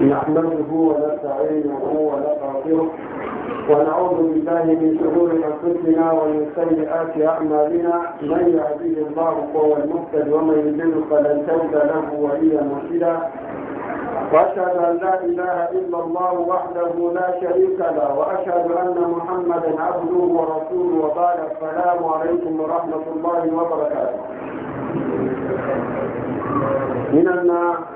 نحمده ونستعينه ونستغفره ونعوذ بالله من شرور انفسنا ومن سيئات اعمالنا من يهديه الله فهو المهتد ومن يضل فلن تجد له وليا مرشدا واشهد ان لا اله الا الله وحده لا شريك له واشهد ان محمدا عبده ورسوله وقال السلام عليكم ورحمه الله وبركاته من الناس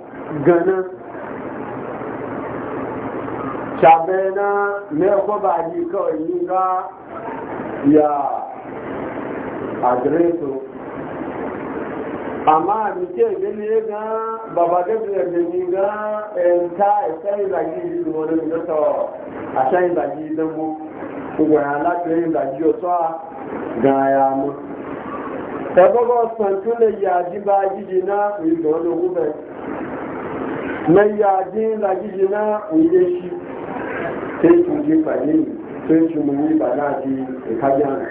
gana shabena me ko ba ji kawai yi ga ya adreso amma mi ce gani ga baba da da ni ga ta sai da ji da wani da to a sai da ji da mu ko ya la ke da ji o to ga ya mu ta gogo san tun ya ji ba na yaje lagiji na oye shi sai tun je fage ne sai mu yi ba na ji ikajen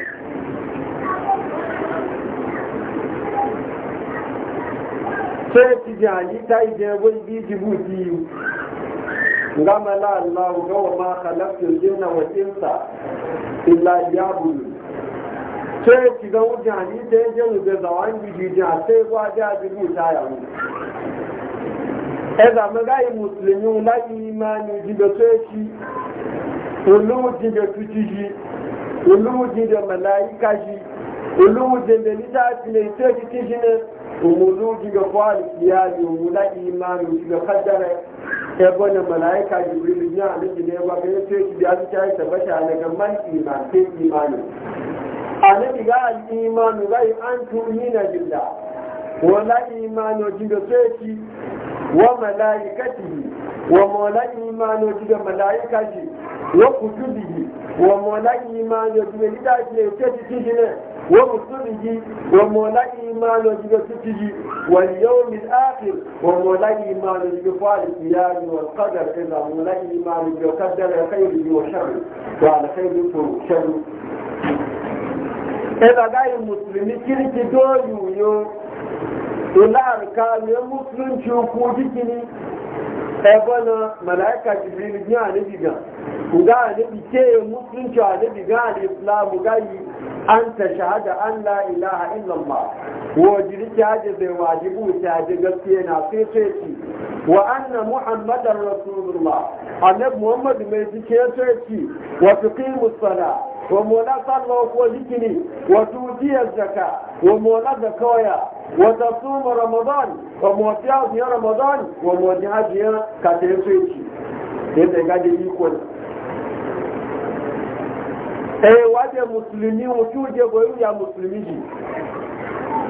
sai ti ji hali ta yi jẹ wani bi jibu ti yi gama Allah ga wa ma khalaqtul jinna wal insa illa liya'budun sai ti ga wuce hali ta yi jẹ wuce zawan gidi a sai kwa ja jibu ta yawo ẹ̀dà mẹ́gáyì mùsùlùmí láyé ìmáni ìjìnlẹ̀ tó ẹ̀kí olóòjìnlẹ̀ tuntun yìí olóòjìnlẹ̀ mẹ̀láyíká yìí olóòjìnlẹ̀ níta ìpínlẹ̀ tó ẹ̀kí tí ṣe ní òun olóòjìnlẹ̀ fún àlùkìyà ní òun láyé ìmáni ní mẹ̀láyíká yìí wa malaikatihi wa mawlan imanu diga malaika shi wa kutubihi wa mawlan imanu diga lida ne ce cikin shi ne wa rusulihi wa mawlan imanu diga cikin wal yawm al akhir wa mawlan imanu diga fa'al qiyam wal qadar ila mawlan imanu diga qaddara khayrihi wa sharri wa al khayri fu sharri ila gai muslimi kirki do yuyo ila arkanin musulunci ko jikini ebana malaika jibril ni anabi ga ga anabi ke musulunci anabi ga al-islam ga yi an ta shahada an la ilaha illallah wa jirki haje bai wajibu ta ji gaskiya na sai sai ci wa anna muhammadar rasulullah annabi muhammad mai jike sai ci wa tuqimu salat ومولا صلى wakuwa وتؤتي الزكاة zaka زكايا وتصوم watasuma ramadhani في رمضان وموتيا في كاتب سويتي yadda ga da ikon eh wajen musulmi mutu je goyi ya musulmi ji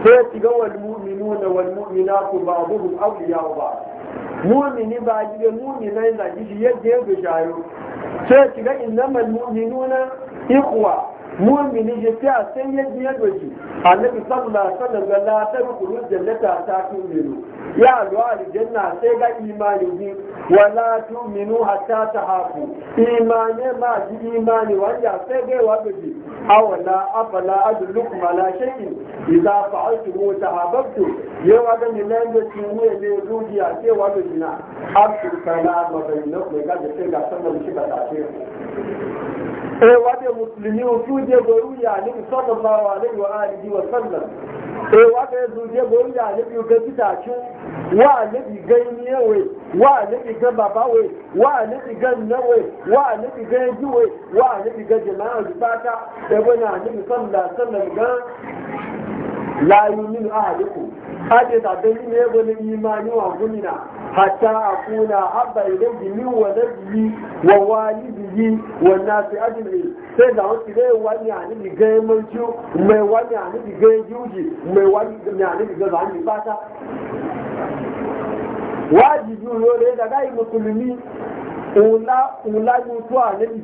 sai ci ga wal mu'minuna wal ba'd mu'mini ba mu'mina da ji shayo ya ga ikuwa mumini je fi a yadda ya annabi sallallahu alaihi wasallam ga la ta kulun jannata ta tuminu ya alwa aljanna sai ga imani ji wala tuminu hatta tahafu imani ma ji imani ya sai ga wa doki awala afala adlukum ala shay'in idza fa'altu tahabbtu yawa ga ni nan da ci ne ne a ce wa doki na abdu salama bainakum ga sai ga sallallahu alaihi wasallam eh wade musulmi su je goru ya ne sallallahu alaihi wa alihi wa sallam e eh, wade su je goru ya ne ga bitacu wa ne bi wa ne ga we wa ne ga wa ne ga ji wa ne bi ga jama'a bata eh bana ne sallallahu alaihi wa sallam ga la yuminu ahadukum hade da dalilin حتى أكون أحب إليه من ولده ووالده والناس أجمعين سيدا أنت ليه واني يعني بجاي منشو ومي واني يعني بجاي جوجي ومي واني يعني بجاي عني باتا واجب يقول إذا جاي مسلمي ولا ولا يتوى نبي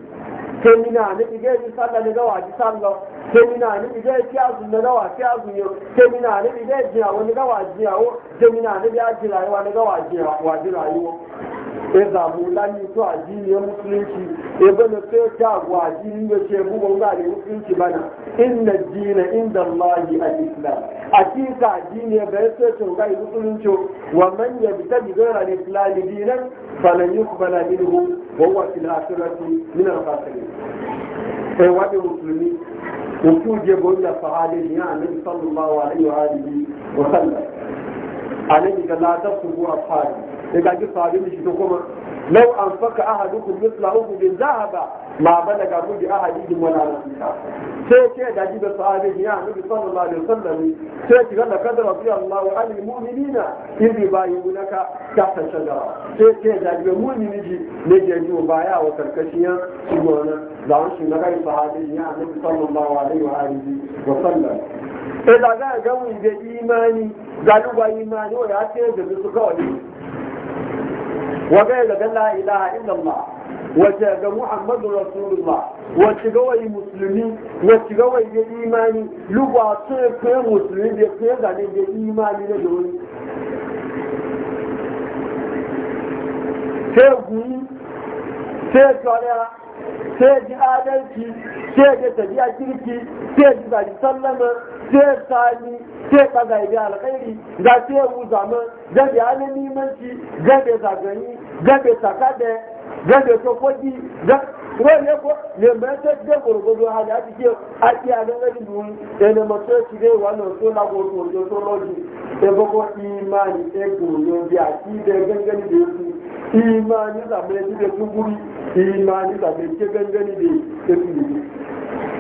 كمنا نبي جاي يصلى لجوا جي صلى jemina ni bi zai fi azun na gawa fi yau jemina ni bi zai jiya wani gawa jiya wo jemina ni bi aji ni gawa wa ji rayuwa e zamu lani to musulunci e bana sai ta wa ji ni da ce bugun ga ne musulunci bana inna dina inda allahi al-islam hakika addini ga sai to ga musulunci wa man yabtadi ghayra al-islam dinan falan yuqbala minhu wa huwa fil akhirati min al-khasirin sai wani musulmi ko ku je goyi da sahabi ne a nan sallu ba wa ayyu hadi wa sallam a nan da na ta kuwa fadi sai ga ki sahabi ne shi to kuma لو أنفق أحدكم مثل أحد ذهب ما بلغ مد أحدهم ولا نصيحة سيكي دجيب الصحابي يا نبي صلى الله عليه وسلم سيكي قال لقد رضي الله عن المؤمنين إذ يبايعونك تحت الشجرة سيكي دجيب المؤمن يجي نجي يجي وبايع وتركشيا سيقولنا دعون شنقا الصحابي يا نبي صلى الله عليه وآله وسلم إذا قال قوي بإيماني قالوا بإيماني ويأتي يجب سكوني wagai daga la ilaha illa wace ga muhammadu rasulullah wace ga wai musulmi wace ga wai da imani lugwa su ne kuyen musulmi da kuyen zane da imani na da wani sai guyi sai tsariya sai ji adalci sai ji tafiya kirki sai ji zaji sallama sai tsari sai ka ga ibi alkhairi za ta yi uzama gabe halin limanci gabe zagayi gabe sakade gabe sokoki wani ko ne mai ta ce gurgudu hali a cikin aki a nan gari mun da ne masu ci dai wannan so na gurgudu so loji da bako imani ta gurgudu biya ki da gangani da su imani da mai ji da su imani da mai ke gangani da su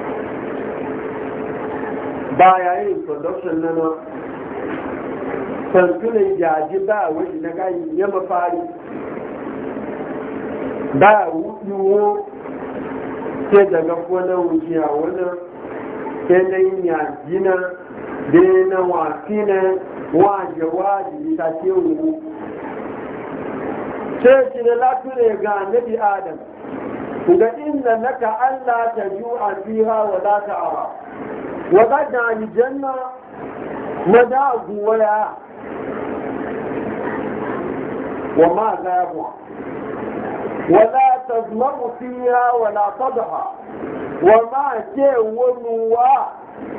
ba ya yi introduction na nan santunan yaji ba a waje na gani ya mafari ba a wuɗiwo ke daga kwana wuce a wani yanayin yaji na da na wafi na waje waje ta ce wuwu sai shi da lafi ne ga nabi adam inda na naka Allah ta ju'a fiha wa ta ta'ara wa qad aljanna madagu wala wa ma zabu ولا تظلم فيها ولا تضحى وما تولوا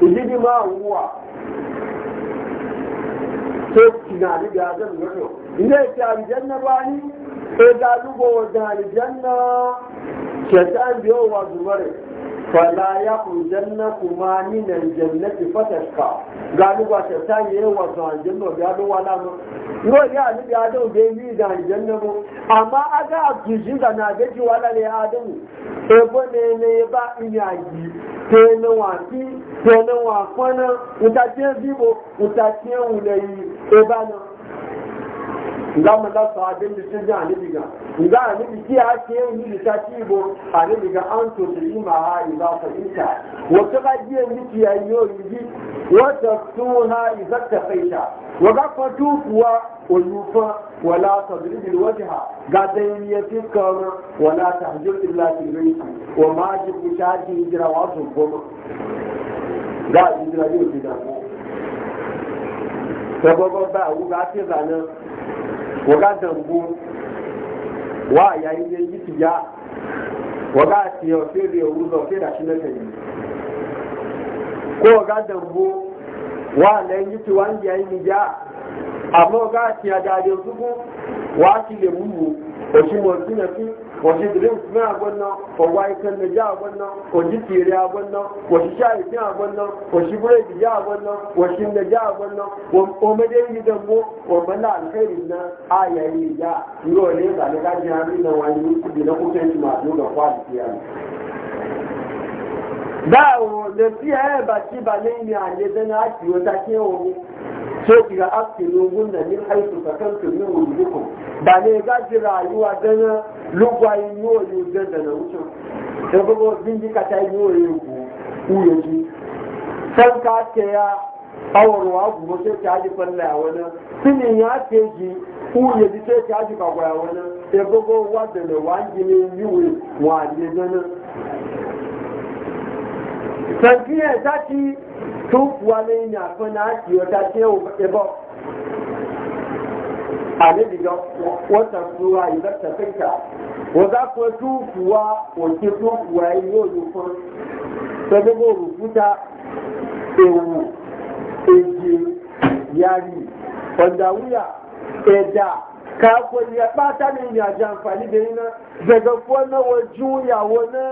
إذن ما هو سوف تنالي بهذا الرجل إذا كان جنة باني إذا لقوا دار الجنة شيطان بيوه زمره فلا يخرجنكما من الجنة فتشقى قالوا وشيطان يوه زمره الجنة قالوا ولا yóò ní àníbi adéhùn dé ní ìdá ìjẹ́nà mú àmá agá àtúnṣí ìgbàna àgbéjì wà lálẹ́ adéhùn ẹgbọ́n ní ilé bá ilé àyí tẹ́ẹ̀nà wà sí tẹ́ẹ̀nà ìtàkì ìtàkì lẹ́yìn nga mu la sahabin da sun ji annabi ga nga annabi ki ya ce yi da ta ci bo annabi ga an to ta yi ma ha idza fa inta wa ka ga ji miki ya yo yi wa ta tuna idza ta faita wa ga fa tu kuwa wa yufa wa la tadrib al wajha ga dai ya fi kana wa la tahjur illa fi baiti wa ma ji ku ta ji jira wa to goma ga jira ji da ko sababu ba u ga ce zanan waga dambu wa yayin da yi tiya waga tiya sai da yawu zo sai da shi na tayi ko waga dambu wa nan yi tiwa ya yi tiya amma waga tiya da da su ko wa shi da mu ko shi mu suna fi wasu drinks na gwannan fawai kan na ja gwannan wasu tsere a gwannan wasu shayi fin a gwannan wasu buredi ja gwannan wasu na ja gwannan wa madai yi dambo wa mana alkhairi na ayayi gájìrà àyíwá dẹ́nà lukwa inú òye òjẹ́jẹ̀ lọ wúṣọ ẹgbẹ́gbọ́ bíndí kata inú òye òkú wúyẹ jù sẹ́ńkà tẹ̀yà awọ̀rọ̀ wa gùn ya tí a ha pẹ̀lẹ́ àwọn a di pàgọ́ àwọn ya ẹgbẹ́gbọ́ wà bẹ̀rẹ̀ wà ń jẹ ní ìwé wọn àdìyẹ dáná. sẹ́ńkì ẹ̀ sáti tó wà lẹ́yìn wọ́n kọ́ tó kù wá òṣè tó kù wá ilé olùkọ́ sọ́gbogbo òrùkúta ewu èjì yari ọ̀dàwúyà ẹ̀dà káàkó ìyẹn pátá ní ìrìn àjàǹfà níbi iná gbẹ̀gbẹ̀ fún ọ́nà wọ́n jú ìyàwó náà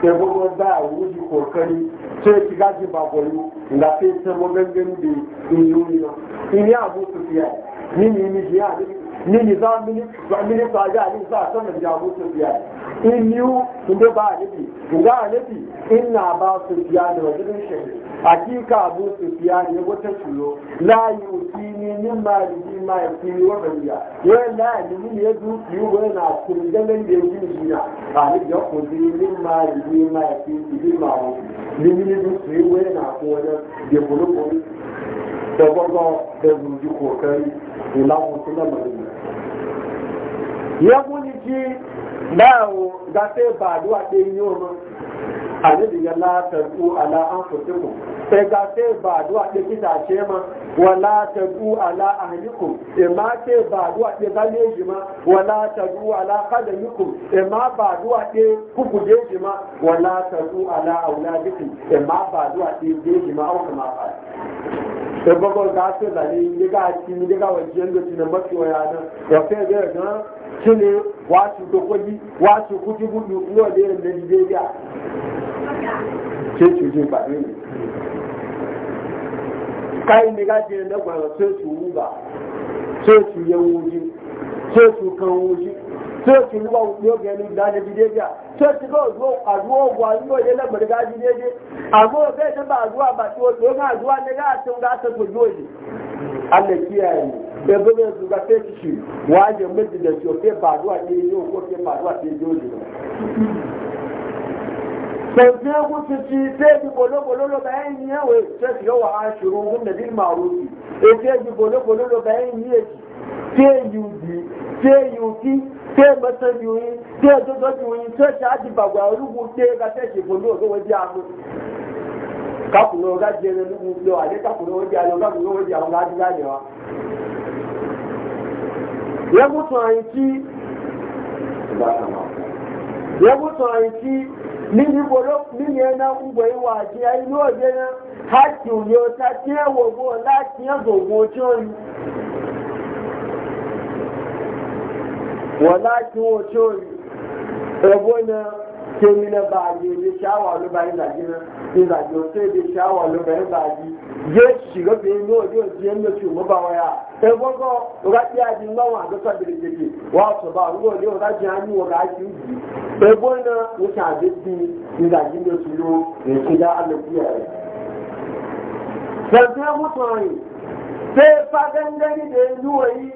sai gogo za a ji kokari sai ki gaji ba goyi da sai ta magangan da in in ya abu su fiya ni ni ni ya ni ni za mini za mini ta ga ni za san da ya abu su fiya in da ba ni ga ni in na ba su fiya da wajen hakika abu sufiyan ya wata shiro la min ma ya la limin ya duki wa na kurgalan da yake jina ya kudi min maliki ma yusini ma ya na kodan da bulu bulu da gogo da zuji kokari ila na ya buniki lawo ga sai ba duwa annabi ya la tadu ala anfusikum sai ka ce ba duwa ɗin kitace ma wala tadu ala ahlikum e ma sai ba duwa ɗin shi ma wala tadu ala qadamikum e ma ba duwa ɗin kukuje shi ma wala tadu ala auladikum e ma ba duwa ɗin shi ma auka ma fa sai bago ga zane ni ga ci ga wajen da tunan mafi waya nan ya sai ga sune wasu dokoki wasu kuti gudu yau da yin da nigeria ce cuce ba ne kayi ne gaji na gwara sai su ruba sai su yan wuji su kan wuji sai su ruba yau ga da na nigeria sai su ga zuwa a zuwa gwari yau ta ba ba a ne ga sun ebe ne su ga sai shi waje mutu da shi ko ke faruwa sai jojo sauke gusu ci sai ji bolo-bolo bayan yi yawa wa ashirin gun da zil marufi e sai ji bolo-bolo bayan yi yaji sai yuji sai yuki sai masan yuyi sai zozo yuyi sai ta aji bagwa rubu sai ga sai shi bolo ga waje amu kakuno ga jere rubu yau a dai kakuno a kakuno a ga wa ya mutu a yanki ya mutu a nini bolo nini ena ugbo iwa ati ayi ni oje na ha ti oye ota ti e wogo lati e zogo ojo ori wọ́n láti wọ́n ojo ori ẹ̀bọ́n náà kemi na ebi shawa ba na izaji oto ebi shawa lo ba ye shiga pe ni odi odi en ti mo ba ya e gogo o ga ti aji ngba wa do ta bere wa so ba wo odi o na o ta de ti izaji ti lo e ti da ya re sanje mo se pa de nuwa yi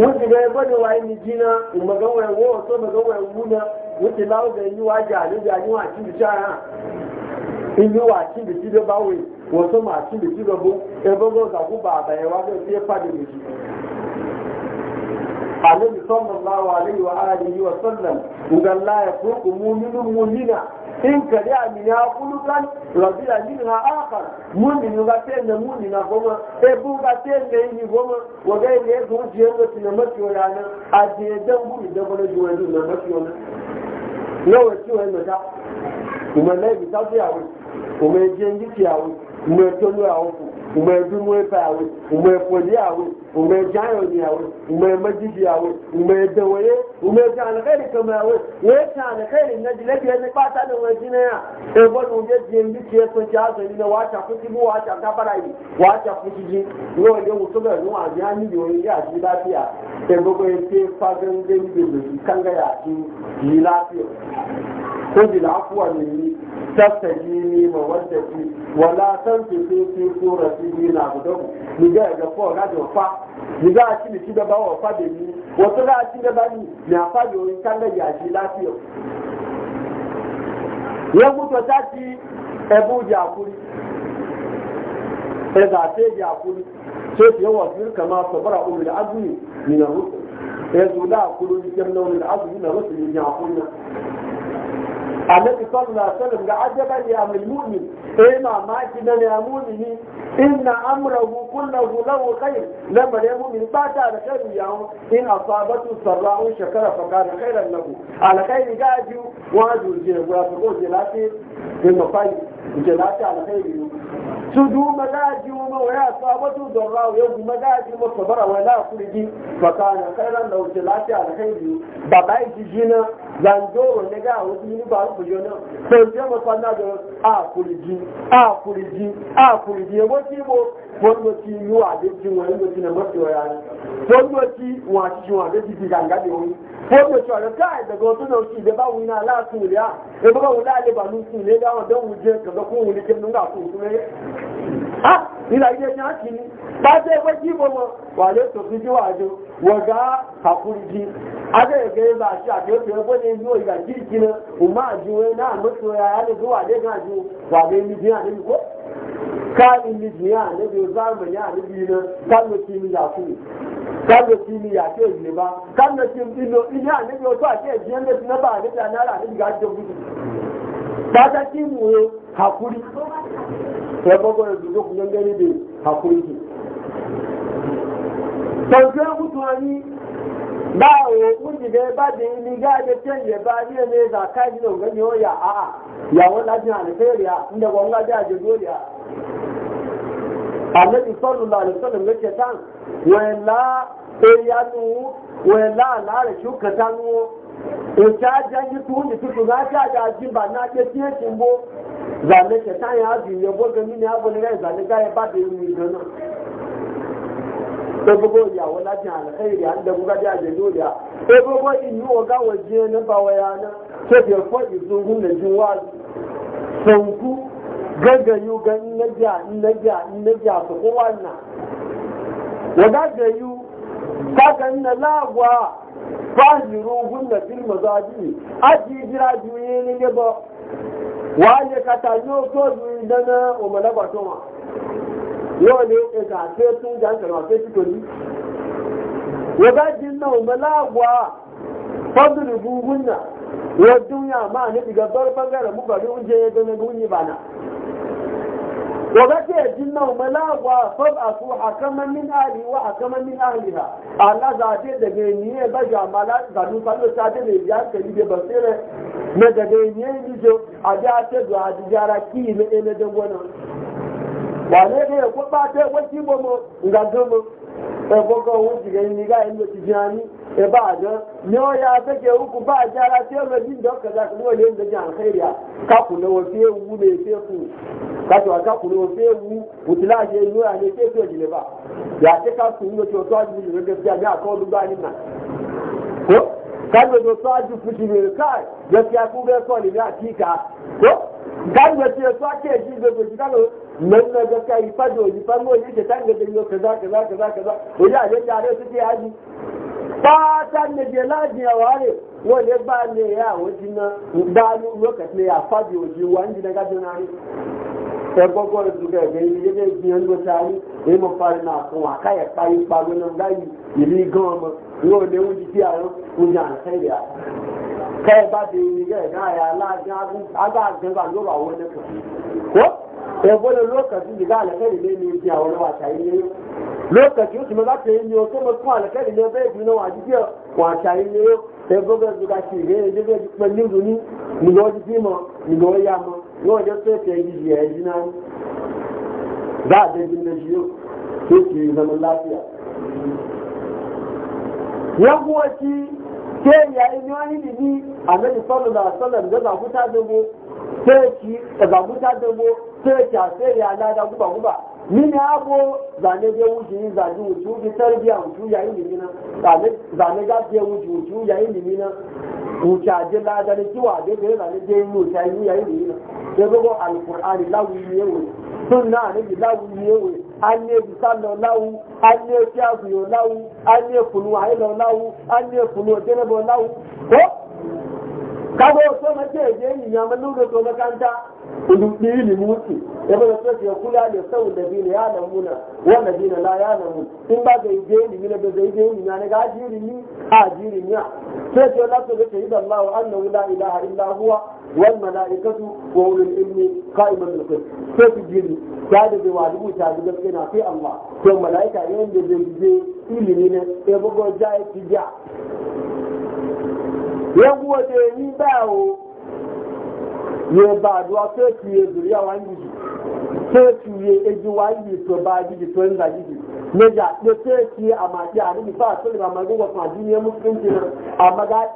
wọ́n ti bẹ̀rẹ̀ jí náà ọ̀tọ́ náà wọ́n láwọ́ bẹ̀ wa jẹ́ àlébíà níwọ̀n àti ìbìtí ara ìyíwá àti ìbìtí ló bá wè wọ́n tó mà àti ìbìtí lọ bó ẹgbẹ́gbẹ́ ọ̀sàkú bà àbàyẹ̀ wá bẹ́ẹ̀ sí ẹ̀fà lè méjì. àlébi sọ́mọ̀ láwọ̀ àlébi wà áyà yìí wà ǹgà láyà fún òmù nínú mu nínà ìǹkàdé àmì nínú mú nínú ga tẹ́ mú nínú àfọ́mọ́ ebú tẹ́ fọ́mọ́ ń ń lọ àti 那我就为人家，你们那边到底有，我们经济底下有，你们就多少？ume ebimwefe awe ume efoli awe ume ejayoni awe ume emejiji awe ume edeweye ume ejanakeli kame awe wee janakeli nejileki ene kpata ne wee jine ya ebo na uje die mbi tie soci azo nile wa chafusi bu wa chakabara yi wa chafusi ji ngo ile wusobe nu wa ni ani yoyi ya ji lafiya ebo ko ete fagende ibe losi kanga ya ji lafiya خذ العفو مني تستجيني مودتي ولا تنفقي في صورته نعبده نجا يجفو غاد وفا نجا أشيل شيء بابا وفا بني وتلا أشيل بني نعفا يوين كان يعشي لا فيه يموت وتاتي أبو جاكولي إذا تيجي أقولي سيف يوصل كما صبر أولي العزم من الرسل يزول أقول لكم لون العزم من الرسل يجي أقولنا النبي صلى الله عليه وسلم عجبا يا المؤمن إما إيه ما كنا نعمونه إن أمره كله له خير لما يؤمن بات على خير يوم إن أصابته سراء شكر فكان خيرا له على خير قاعده واجه الجنب ويقول جلاتي في المفايد جلاتي على خير يوم سدو مداجي وما ويا أصابته ضراء ويوم مداجي وصبر ولا أخرجي فكان خيرا له جلاتي على خير يوم بابايك جنب zandoro ne ga wasu mini ba rufu yo nan sai je mu fanda da a kuriji a a kuriji ya wati bo wanda ti yu a de ti wanda ti na mafi waya ne wanda ti wa ti wa e de ti ga ga de wani wanda ti da go to no ti de ba wi na la tu ya e ba wi la le ba ti le ga wa don wuje ka ga ku ke nun ga ku ah ila ile ni ni ta je pe ki wa le to ji ga ji ade ge ba a ke pe bo ni no ga ji na o ma na mo ya ale ga ju wa le ni ko ka ni le za ya le bi na ka lo ti ya ku ka lo ti ya ke ni ba ka lo ti ni lo ni ya le bi o to ake ji en le na ba ta na ra ni ga jo bu kaga ki mu yo hakuri ya bago da duk kun gangare da hakuri ki tanje mutuani báwo mújìdé bá di ní gáàjẹ tí ẹ̀yẹ̀ bá ní ẹ̀mẹ́ ìzà káàkiri òǹgẹ́ ni ó yà áà ìyàwó láti hàn ní fẹ́ẹ̀rì a ń dẹ̀wọ̀n ńlá bí àjẹ́ lórí à. àlejò sọ́nù lọ sọ́nù àlá rẹ̀ kẹta wọn. ìtajà yìí ní tuntun náà jájà jìmbà náà ké tí èsì ń bó zàlẹ̀ a yẹn á bì yẹ bọ́gẹ̀ ya ní abọ́nirẹ́ ìzàlẹ̀ gáyẹ bá dé inú ìgbẹ́ náà. Egbogbo ìyàwó láti àná ẹ̀yìn à ń dẹ́gun gájá àjẹ́ ló yà. Egbogbo ìlú ọ̀gá wọ̀ jí nne fahiru hunna fil mazaji aji jira juye ne ne ba wale ka ta yo ko juyi dana o mala ba to ma yo ne e ka se tun jan ka ma se ti to ni wa ga jin na o mala wa fadru bu hunna wa dunya ma ne diga bar bangare mu ba ne unje ya ga gunyi bana ụgataji amube na-agwa fopụ akanal we akanli a aga ddnya baji amalaaaocha dịbiake bae medeye nuju adịa teụ ajij ara kiemedooo anye ga ekwekpata ekwesị igom ngajụm ẹ̀fọ́gọ́ owó jìgẹ̀ yìí nígbà ìlú ti jẹ́ ní ẹ̀bá àjọ ní ọ̀yà afẹ́kẹ̀ òkú bá àjẹ́ ara tí ó lọ sí ìjọ kẹta kí ń gbẹ̀jẹ̀ àǹkẹ́rìà kákùnlọ́wọ́ sí ewu lè fẹ́ fún un kájọ àkákùnlọ́wọ́ sí ewu òtún láàyè inú àyè tí èso ìjìnlẹ̀ bá ní oṣù ọ̀tọ́ àjù gẹ́gẹ́ nan na ga kai fado ji fango ji ta tanga da yau kaza kaza kaza kaza wani a jan yare suke haji ba ta ne je laji ya ware wani ba ne ya wajen na dalu lokaci ne ya fado ji wani na gajin hari ẹgbọ́gbọ́ ìdúgbẹ́ ẹgbẹ́ ìdílé ìgbìyànjú ọjà yìí èyí mo parí náà fún wa káyẹ̀ parí parí náà láyìí ìlú ga ga na lé oúnjẹ tí àwọn oúnjẹ àǹtẹ̀yà káyẹ̀ bá ga ìrìngẹ̀ ẹ̀dá ẹ̀yà ga ya gwada lokacin da za a ne ne biya wani wata yi ne lokacin su ma za ta yi ne wato ma kuma ne bai biyu na wajen wata yi ne ya gwada zuga shi ne ya jirga jikman nin zuni ni ga wajen fima ni ga wajen yamma ni wajen so ta yi jiya ya ji na za a da jin da shi yau sai ke zaman lafiya ya kuwa ci ke yayi ni wani lili a nan sallallahu alaihi wasallam da zabuta dabo sai ki ta dabo sai ta sai ya mini abo zane je wuce yin zane ya yi limina zane ga je wuce wuce ya yi limina wuce aje lada ne kiwa je ga zane je yin wuce ya yi limina sai gogo alkur'ani lawu ne sunna ne bi lawu an ne bi sallo lawu an ne lawu an ne lawu an ne lawu ko kaga wasu mace ya yi ya mallu da to makanta kudu ɗili mutu ya bada sosai ya kula da sau da bina ya lamuna wanda bina la ya lamu in ba zai je ni ne da zai je ni na ga jirin ni a jirin ya sai ce la to da yi Allah annahu la ilaha illa huwa wal malaikatu wa ulul ilmi qa'iman bil qist sai ku jiri ya da bai wajibu ta da gaske na sai Allah to malaika yayin da je ilimi ne ya bugo jai tija yẹn wo de ní bẹ́ẹ̀ o yẹ bàdúrà fẹ́ẹ̀tì yẹ zòrí àwọn yìí fẹ́ẹ̀tì yẹ eji wa yìí tó bá yìí tó ń ga yìí mẹjà pé fẹ́ẹ̀tì àmàdí àdébí fáà tó lè máa máa gbọ́gbọ́ fún àdínní fún ti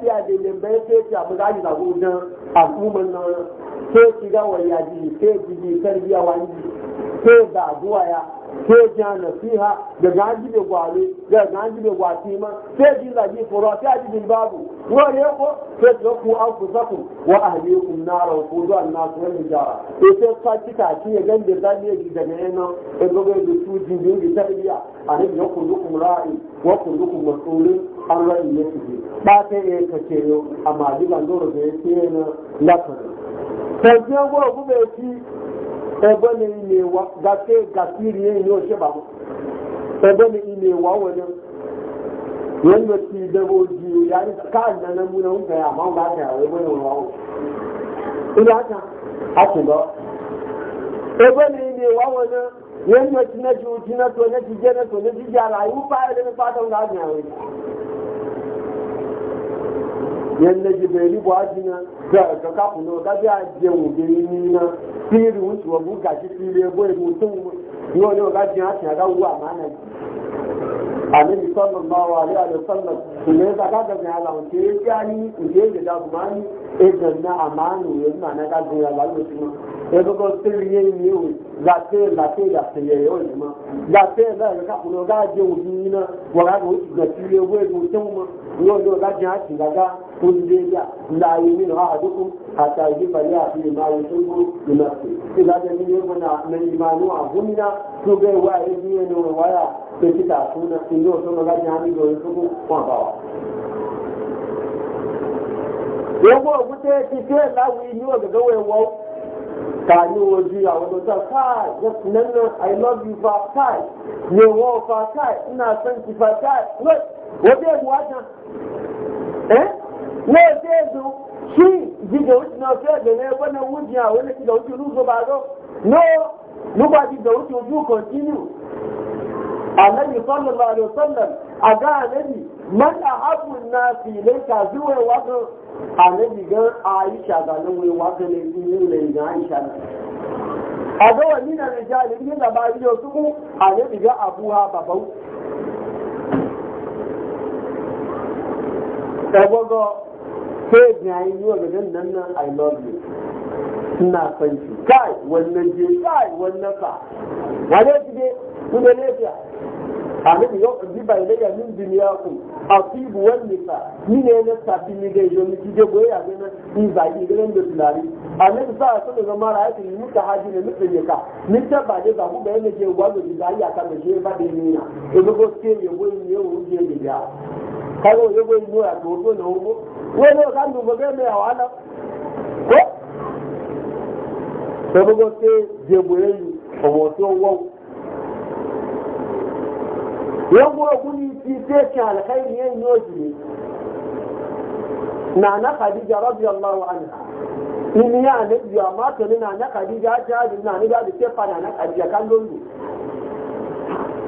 tí a lè lè bẹ́ẹ̀ ya àmàgá yìí làwọn ò dán àkúmọ̀ náà fẹ́ẹ̀tì gáwọ̀ yà yìí fẹ́ẹ̀tì yìí fẹ́ẹ̀tì yà wá yà. sai ja nasiha da gaji da gwale da gaji da gwati ma sai ji zagi furo sai ji din babu wani ya ko sai ta ku an ku zaku wa ahlikum nara ku zuwa nasu wani jara e sai sai ka ya gande zani daga yana da gobe su ji din da tarbiya a ne ya kullu kum ra'i wa an ne ba yo amma na ebe ne imewa gase gasiri yin yau shi ba ebe ne imewa wani yadda ti dabo jiyo ya ni kan na nan muna hunka ya ma ga ta wai wani wawo ina ta aku ga ebe ne imewa wani yadda ti na ji uji na to na ji je na to na ji jara yi ba da ni fatan ga ta wai yadda jibeli ba jina da ka kafu no ka biya je mu be ni na tiri wuce wa buga ji tiri bo e mutum yo ne ga jina ta ga uwa mana annabi sallallahu alaihi wa sallam ne e e da ka e ga ya lawo ke yani ke da da mani e ganna amanu ne ma na ga ya lawo mutum e ba ko tiri yin ni o za te la te da te ye o ne ma za te la ka kafu ga je mu ni na wa ga go ga tiri bo e yau yau ga jin haƙi daga kun je a dukun a tagi a fi ma yi sun ko da ni yau na a gunna su bai wa yi biye ne ta ci ta na sun yau sun ga jin ti ga gawe wa ta ni wo i love you fa wait wọ́n bẹ́ẹ̀ bu wájà ẹ́ wọ́n bẹ́ẹ̀ bu sí jíjẹ ojú náà fẹ́ bẹ̀rẹ̀ ẹgbẹ́ náà wọ́n jẹ àwọn ẹlẹ́sìn ìdọ̀wọ́ ti olúzo bá rọ lọ́wọ́ nígbà tí ìdọ̀wọ́ ti ojú ga àlẹ́yìn sọ́lọ̀ lọ́rọ̀ sọ́lọ̀ àgá na mọ́tà ápù náà gan àìṣà àgbàlówó wá kan lè fi ní ilẹ̀ ìgbà àìṣà àgbẹ̀wọ̀ nínà nìjà àlẹ́yìn bàbá ilé òtúkú biya yi yi wa yíò nan nan i love you ina san ki kai wannan je kai wannan fa wale ki dai kuma lafiya abin yau bi ba ile ya min duniya ku a fi bu wani fa ni ne na tafi ni dai yo ni je goyi a gana in ba ki gidan da tunari tunani annabi sa a da zama ra ra'ayi ni muka haji ne mutum ya ka ni ta ba ne ba ku ba ne je gwalo da ya ka da je ba da yi ni na e ko ke yo goyi ne yo je ya kaga wajen gwayin doya da wato na hungo wani wa kan dubu gai mai hawa ko ta bugo sai je goyayi a hoton wau yan gwa kuni ci sai ki alkhairi ni yoji ne na na khadija radiyallahu anha in ya nabi amma to na na khadija ta na ni da ke fa na na khadija kan lolu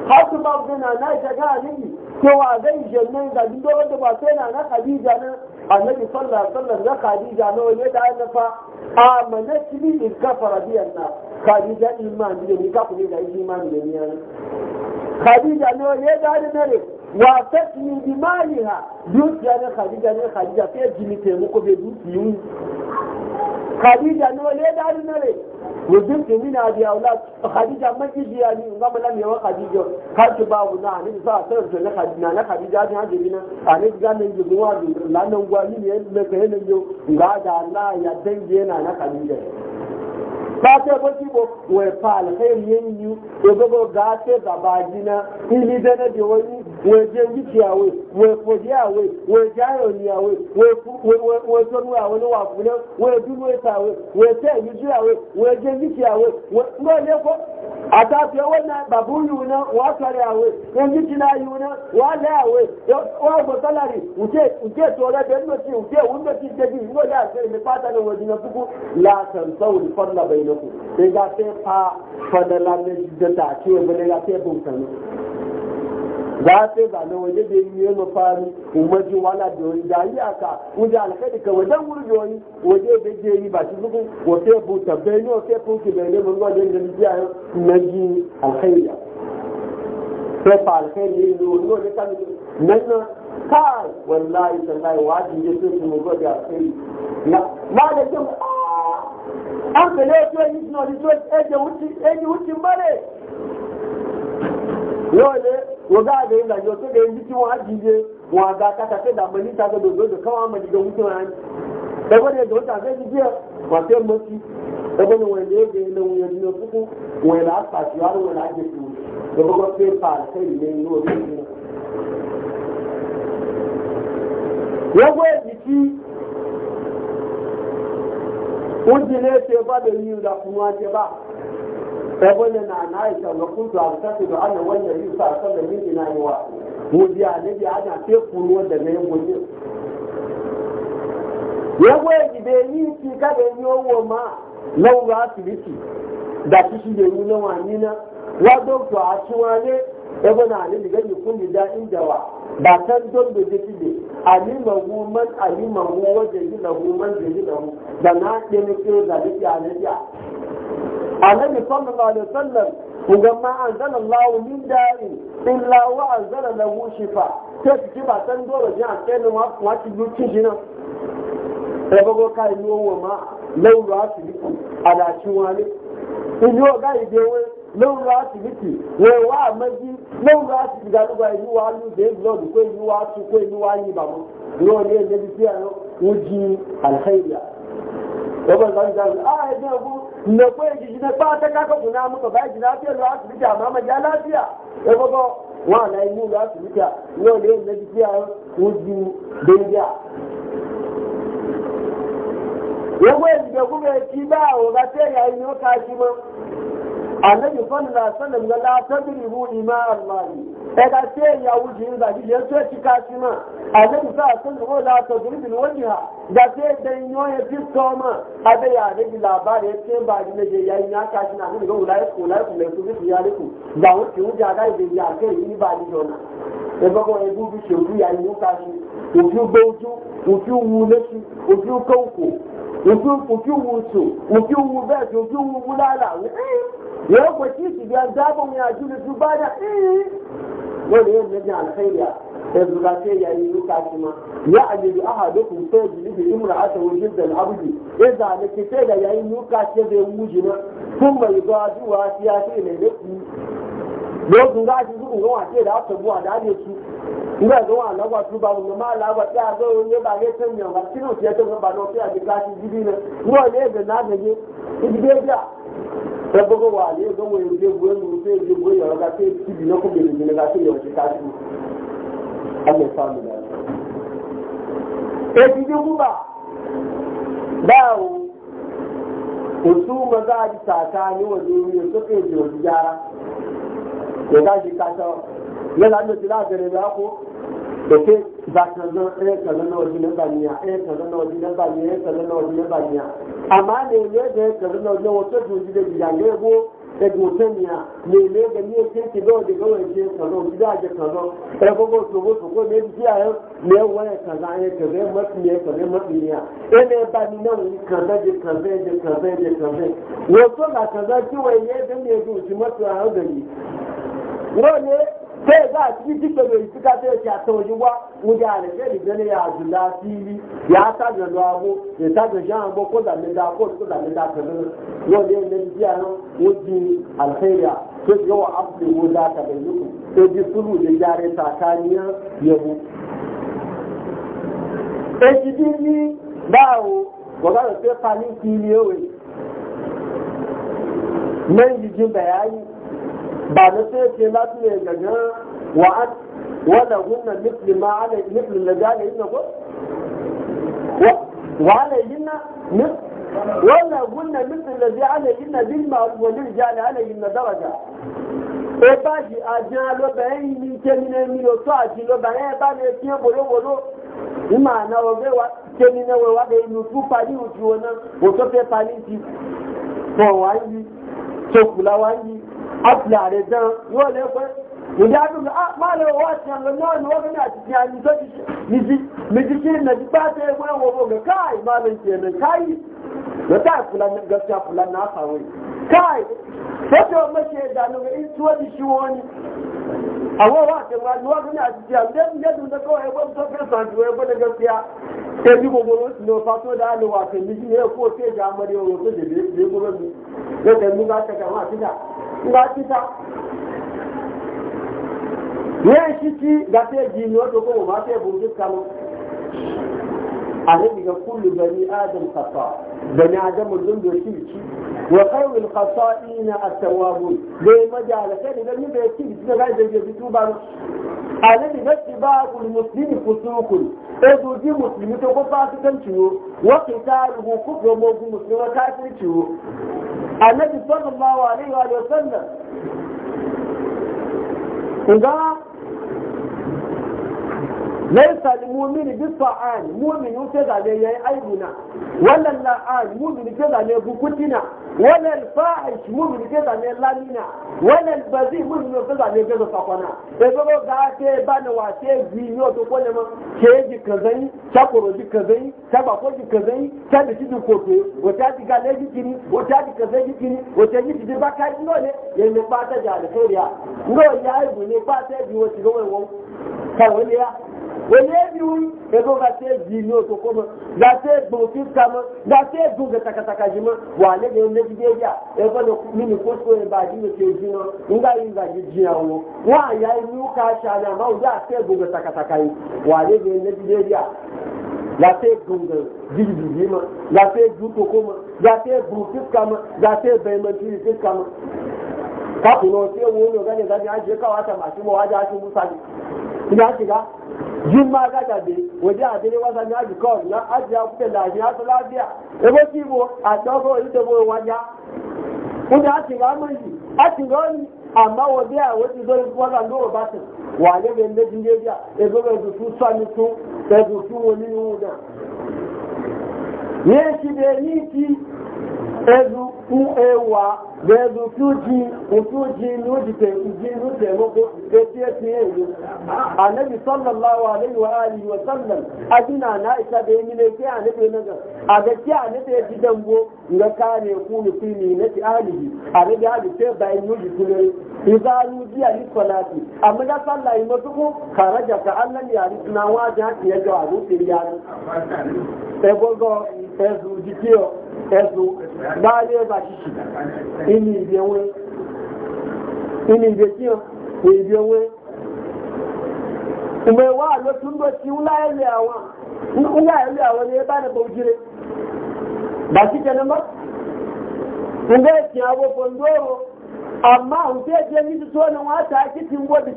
har su ba na na ta ga ni cewa zai jannan ga duk wanda ba sai na na Khadija nan annabi sallallahu alaihi wasallam da Khadija ne wani da an fa amanat bi in kafara bi anna Khadija imani ne ni ka kuma da imani ne ni Khadija ne ya da da ne wa tasmi bi maliha duk ya ne Khadija ne Khadija sai jimi taimako bai dukiyu khadija no le da ru nare wajin ke mina bi aula khadija man ji ji ali ngam la mi wa khadija ka babu na ni sa ta ta na khadija na khadija ta ji mina ani ga nan ji ruwa du la nan gwa ni ne me ka ne yo ga da la ya dan je na na khadija ba ce k'o ki bo we fa al yin yu ko go ga te ili da na de wọ́n jẹ́ yíkì àwẹ̀ wọ́n fòdí àwẹ̀ wọ́n jẹ́ àyọ̀nì àwẹ̀ wọ́n tọ́nu àwẹ̀ ní wà fún náà wọ́n àwẹ̀ wọ́n tẹ́ àwẹ̀ wọ́n jẹ́ àwẹ̀ wọ́n lé kó àtàkì ọwọ́ náà bàbá yìí náà wọ́n sọ̀rọ̀ àwẹ̀ wọ́n náà yìí náà wọ́n lé àwẹ̀ wọ́n gbọ́ sálárì ǹjẹ́ ètò za ta zane waje da yi yi mafari umarji wala da wani jari a ka wajen alkaɗi ka wajen wuri da waje da yi ba shi zukun wata bu tabbai ne wata bu ki bai ne mun wajen da yi na ji alkhairiya fa alkhairi ne wani wajen kan na kai wallahi tallahi wajen ya ce su mu gode alkhairi na ma da kin an ka ne to yi no ni bare yau ne waga da yin lajo to da yin jiki wa ajiye wa ga ka ta da mani ta ga dozo da kawa mani ga mutum an da gode da wata ga jiya ma sai mutu da gode wanda ya ga yana wani ne kuku wai la ta shi har wani ake su da ba sai fa sai ne no ne ya gwe jiki Wọ́n ti lé ṣe bá bẹ̀rẹ̀ yìí ìdàkùnrin ajẹ́ saboda na na yi saurakun da ta su da ana wanda yi sa san da miji na yi wa mudiya ne na ana ce kuruwa na ne gobe ya goye ki be ni ki ka be yowo ma lawa asibiti da ki shi da na wani na wa dokto a ya na ne daga da ba san don da man da da na ke da annabi sallallahu alaihi wasallam kuga ma anzala Allah min da'i illa anzala lahu shifa ta ci ba san dole ji an kai ma kuma ci duki ma lauru asibiti ala ci wani ga ewe wo lauru asibiti wo maji lauru asibiti ga lugwa yi wa lu de blood ko yi wa ko yi yi ba mu ro a na koya jiji na ba ta kaka kuna muka ba ji lafiya lo asibiti amma ma lafiya ya e gogo wa na yi asibiti lo le na jiki a wuji ya jiji kuma ci ba wa ba ta ya yi kashi ma annabi sallallahu alaihi wasallam ga la ima allahi ẹ̀ka tí èyí àwùjọ ìgbà jíjẹ tó ẹ̀kí ká sí mọ́ àdébùsá àtúndùmọ́ ìlàtọ̀ tòlúbìn wọ́n yà gàtí èdè yan yẹn tí tọ́ mọ́ abẹ́yà àdébì làbá rẹ̀ tí ń bá àdìmẹ́jẹ ya ìyá ká sí náà nígbà wùláyé kò láyé kò lẹ́kùn ní ìyá lẹ́kù gbà wọ́n ti ń jẹ́ adá ìdè ìyá àkẹ́ yìí níbà àdìjọ ya ẹgbẹ́gbọ́n ẹbí bí ṣe òbí ya ìyá ká sí òfin gbé ojú òfin wu létí òfin kọ́ǹkò òfin wu sò òfin wu bẹ́ẹ̀ tó òfin wu wúlálà yóò pẹ̀ tí ìsìgbà dábọ̀ mi àjùlù tó bá dà wani yin na jin alkhairiya ya zuba sai ya yi ruka shi ma ya ajiyu aha dukun sai jini bi imra ata wujin da al'abdi ya zane ke ce da ya yi ruka shi zai wuji na sun bai zuwa zuwa shi ya shi ne da ku lokacin da ake zuwa ga wace da aka buwa da ake su ina ga wani lagwa su ba wani ma lagwa ta ga wani ya ba ne san yan ba shi ne ta ba no sai a ga shi jibi ne ruwa ne da na gaje ibi da sabogo wa ne ga mu yanzu buwe mu sai ji buwe ya ga sai kibi na kuma ne ne ga sai ya wuce tashi Allah ya samu da eh ji guba dawo wasu za e a ji ne wa ne suka yi wasu gyara ya gashi kasa yana da tilasar da ko da ke za ka zo ɗaya kaza na waje na baniya ɗaya kaza na waje na baniya ɗaya kaza na waje na baniya amma ne ne da ya kaza na waje wata juji da gida ne go da gotaniya ne ne da ne ke ki zo da gawai ce kaza gida da kaza ɗaya ko ko to ko ko ne ji a ne waya kaza ne kaza matsi ne kaza matsi ne ɗaya ne ba ni na ni kaza da kaza da kaza da kaza wato na kaza kiwai ne da ne a hankali. Wani sai za a cikin duk da bai cika sai ya ta waje ba wuja a nake da gane ya zula fili ya ta da lwabo ya ta da jan bo ko da ne da ko da ne da ka zuru yau ne ne biya nan wuji alkhairiya sai ga wa afli ko da ka bai zuku sai ji sulu da jare tsakaniyar yabo e ji din ni bawo ko da sai fani fili yau ne bayani ba na sai ce lati ne gaga wa an wala hunna mithli ma ala mithli lajala inna ko wa ala inna wala hunna mithli lajala ala inna bil ma'ruf wa lil jala ala inna daraja e ba ji ajan lo ba e yin ke ni ne mi lo to aji lo ba e ba ne bolo bolo ma na o wa ke ni na wa de nu tu pa ni o ti wona o to pe pa ni ti wa yi to kula wa yi afilare dan yóò lè pẹ́ ìdádùn máa lè wọ́n ti àwọn náà ni wọ́n gbẹ́nà àti ìyàní tó ti ṣe ìrìnàjí bá tẹ́ ẹgbẹ́ wọn wọ́n gẹ̀ káàì máa lè ṣe ẹ̀mẹ̀ na lọ́tà ìfúlànà fúlànà àfàwẹ̀ káàì lọ́tà ọmọ ṣe ìdánù rẹ̀ tí wọ́n ti ṣe wọ́n ni àwọn wà tẹ̀ wọ́n ni wọ́n gbẹ́nà àti ìyàní tó ti ṣe nga tita yin shi ci ga sai jini wato kuma ma sai bujin kama a nabi ga kullu bani adam kafa bani adam mun dundo shi ci وقول الخصائين التوابون زي ما جاء لك لم يبقى يكتب جدا غير زي جديد الذي نفس بعض المسلم فسوق اذو دي مسلم تقول فاسقا شو وقتاله كفر موجود مسلم وكافر شو النبي صلى الله عليه وآله وسلم laisa al-mu'minu bis-sa'an mu'minu sai da ne yayi aibuna wala la'an mu'minu sai da ne bukutina wala al-fahish mu'minu sai da ne lamina wala al-bazi mu'minu sai da gaza sakwana sai ba ga ce ba ne wa ce biyo to ko ne ma ke ji kazai ta koro ji kazai ta ba ko kazai ta da ji ko to wata ji ga le ji kini wata ji kazai ji kini wata ji ji ba ka ji no ne yayin ba ta da alheriya ngo ya aibu ne ba ta ji wata ga wai wau kawai ya eléyìí wí ebó gàtẹ́ jì ní òtòkó mọ́ gàtẹ́ gbòòfin ká mọ́ gàtẹ́ dùn gẹ̀ takataka jì mọ́ wà lédè méjìdéjà ebó ní mímí kóso ẹ̀bà jì ní kejì náà ńgá yìí ńgá jì jì àwọn wọn àyà inú ká ṣàní àmọ́ òjò àtẹ́ dùn gẹ̀ takataka yìí wà lédè méjìdéjà gàtẹ́ dùn gẹ̀ jìjìjì mọ́ gàtẹ́ dùn tòkó mọ́ gàtẹ́ gbòòfin ká mọ́ gàtẹ́ bẹ̀rẹ̀ kakuna wasu yawon yau gane zafi an shekawa ta masu mawa da ake musa ne ina shiga jin ma ga gabe waje a wasa na ji kawai na ajiya kuka lafiya ta lafiya ebo kibo a tsofa ita boye wanya kuma a cin a cin ramar a waje zo yin kuma zan dora batin wale ga yadda jin jejiya ya zo ga zutu sami su gbẹ̀rù tí ó jí ji jí ní ó jìtẹ̀ ìjí ní ó tẹ̀ mọ́kó kẹtí ẹ̀ tí èyí ànẹ́bì sọ́lọ̀láwà lẹ́yìn wa ààrì wọ̀ sọ́lọ̀ adínà lè náà àbẹ̀ ẹ̀ jíjẹ́ mbó ẹ̀kú ní fi ní ìnẹ́tì ààrì yìí ànẹ́bì ààrì tẹ́ báyìí ní ó jìtú lórí ìzáàlú bí àyí sọ̀láàtì àmọ́já sálà ìmọ̀tòkú kàrájà ká ẹ̀sùn báyé bá ṣíṣì inú ìbí ewé inú ìbí tí ó ìbí ewé ìmọ̀ ìwà àlọ́ tún ụlọ ti elu láyẹ̀lẹ̀ àwọn ń láyẹ̀lẹ̀ àwọn ní ẹbá ní bòjire bá na jẹ́ nọ́mbà ǹgbẹ́ ìsìn àwọn fòndóró àmá àwọn tí wọn àtà kí ti ń wọ́ bí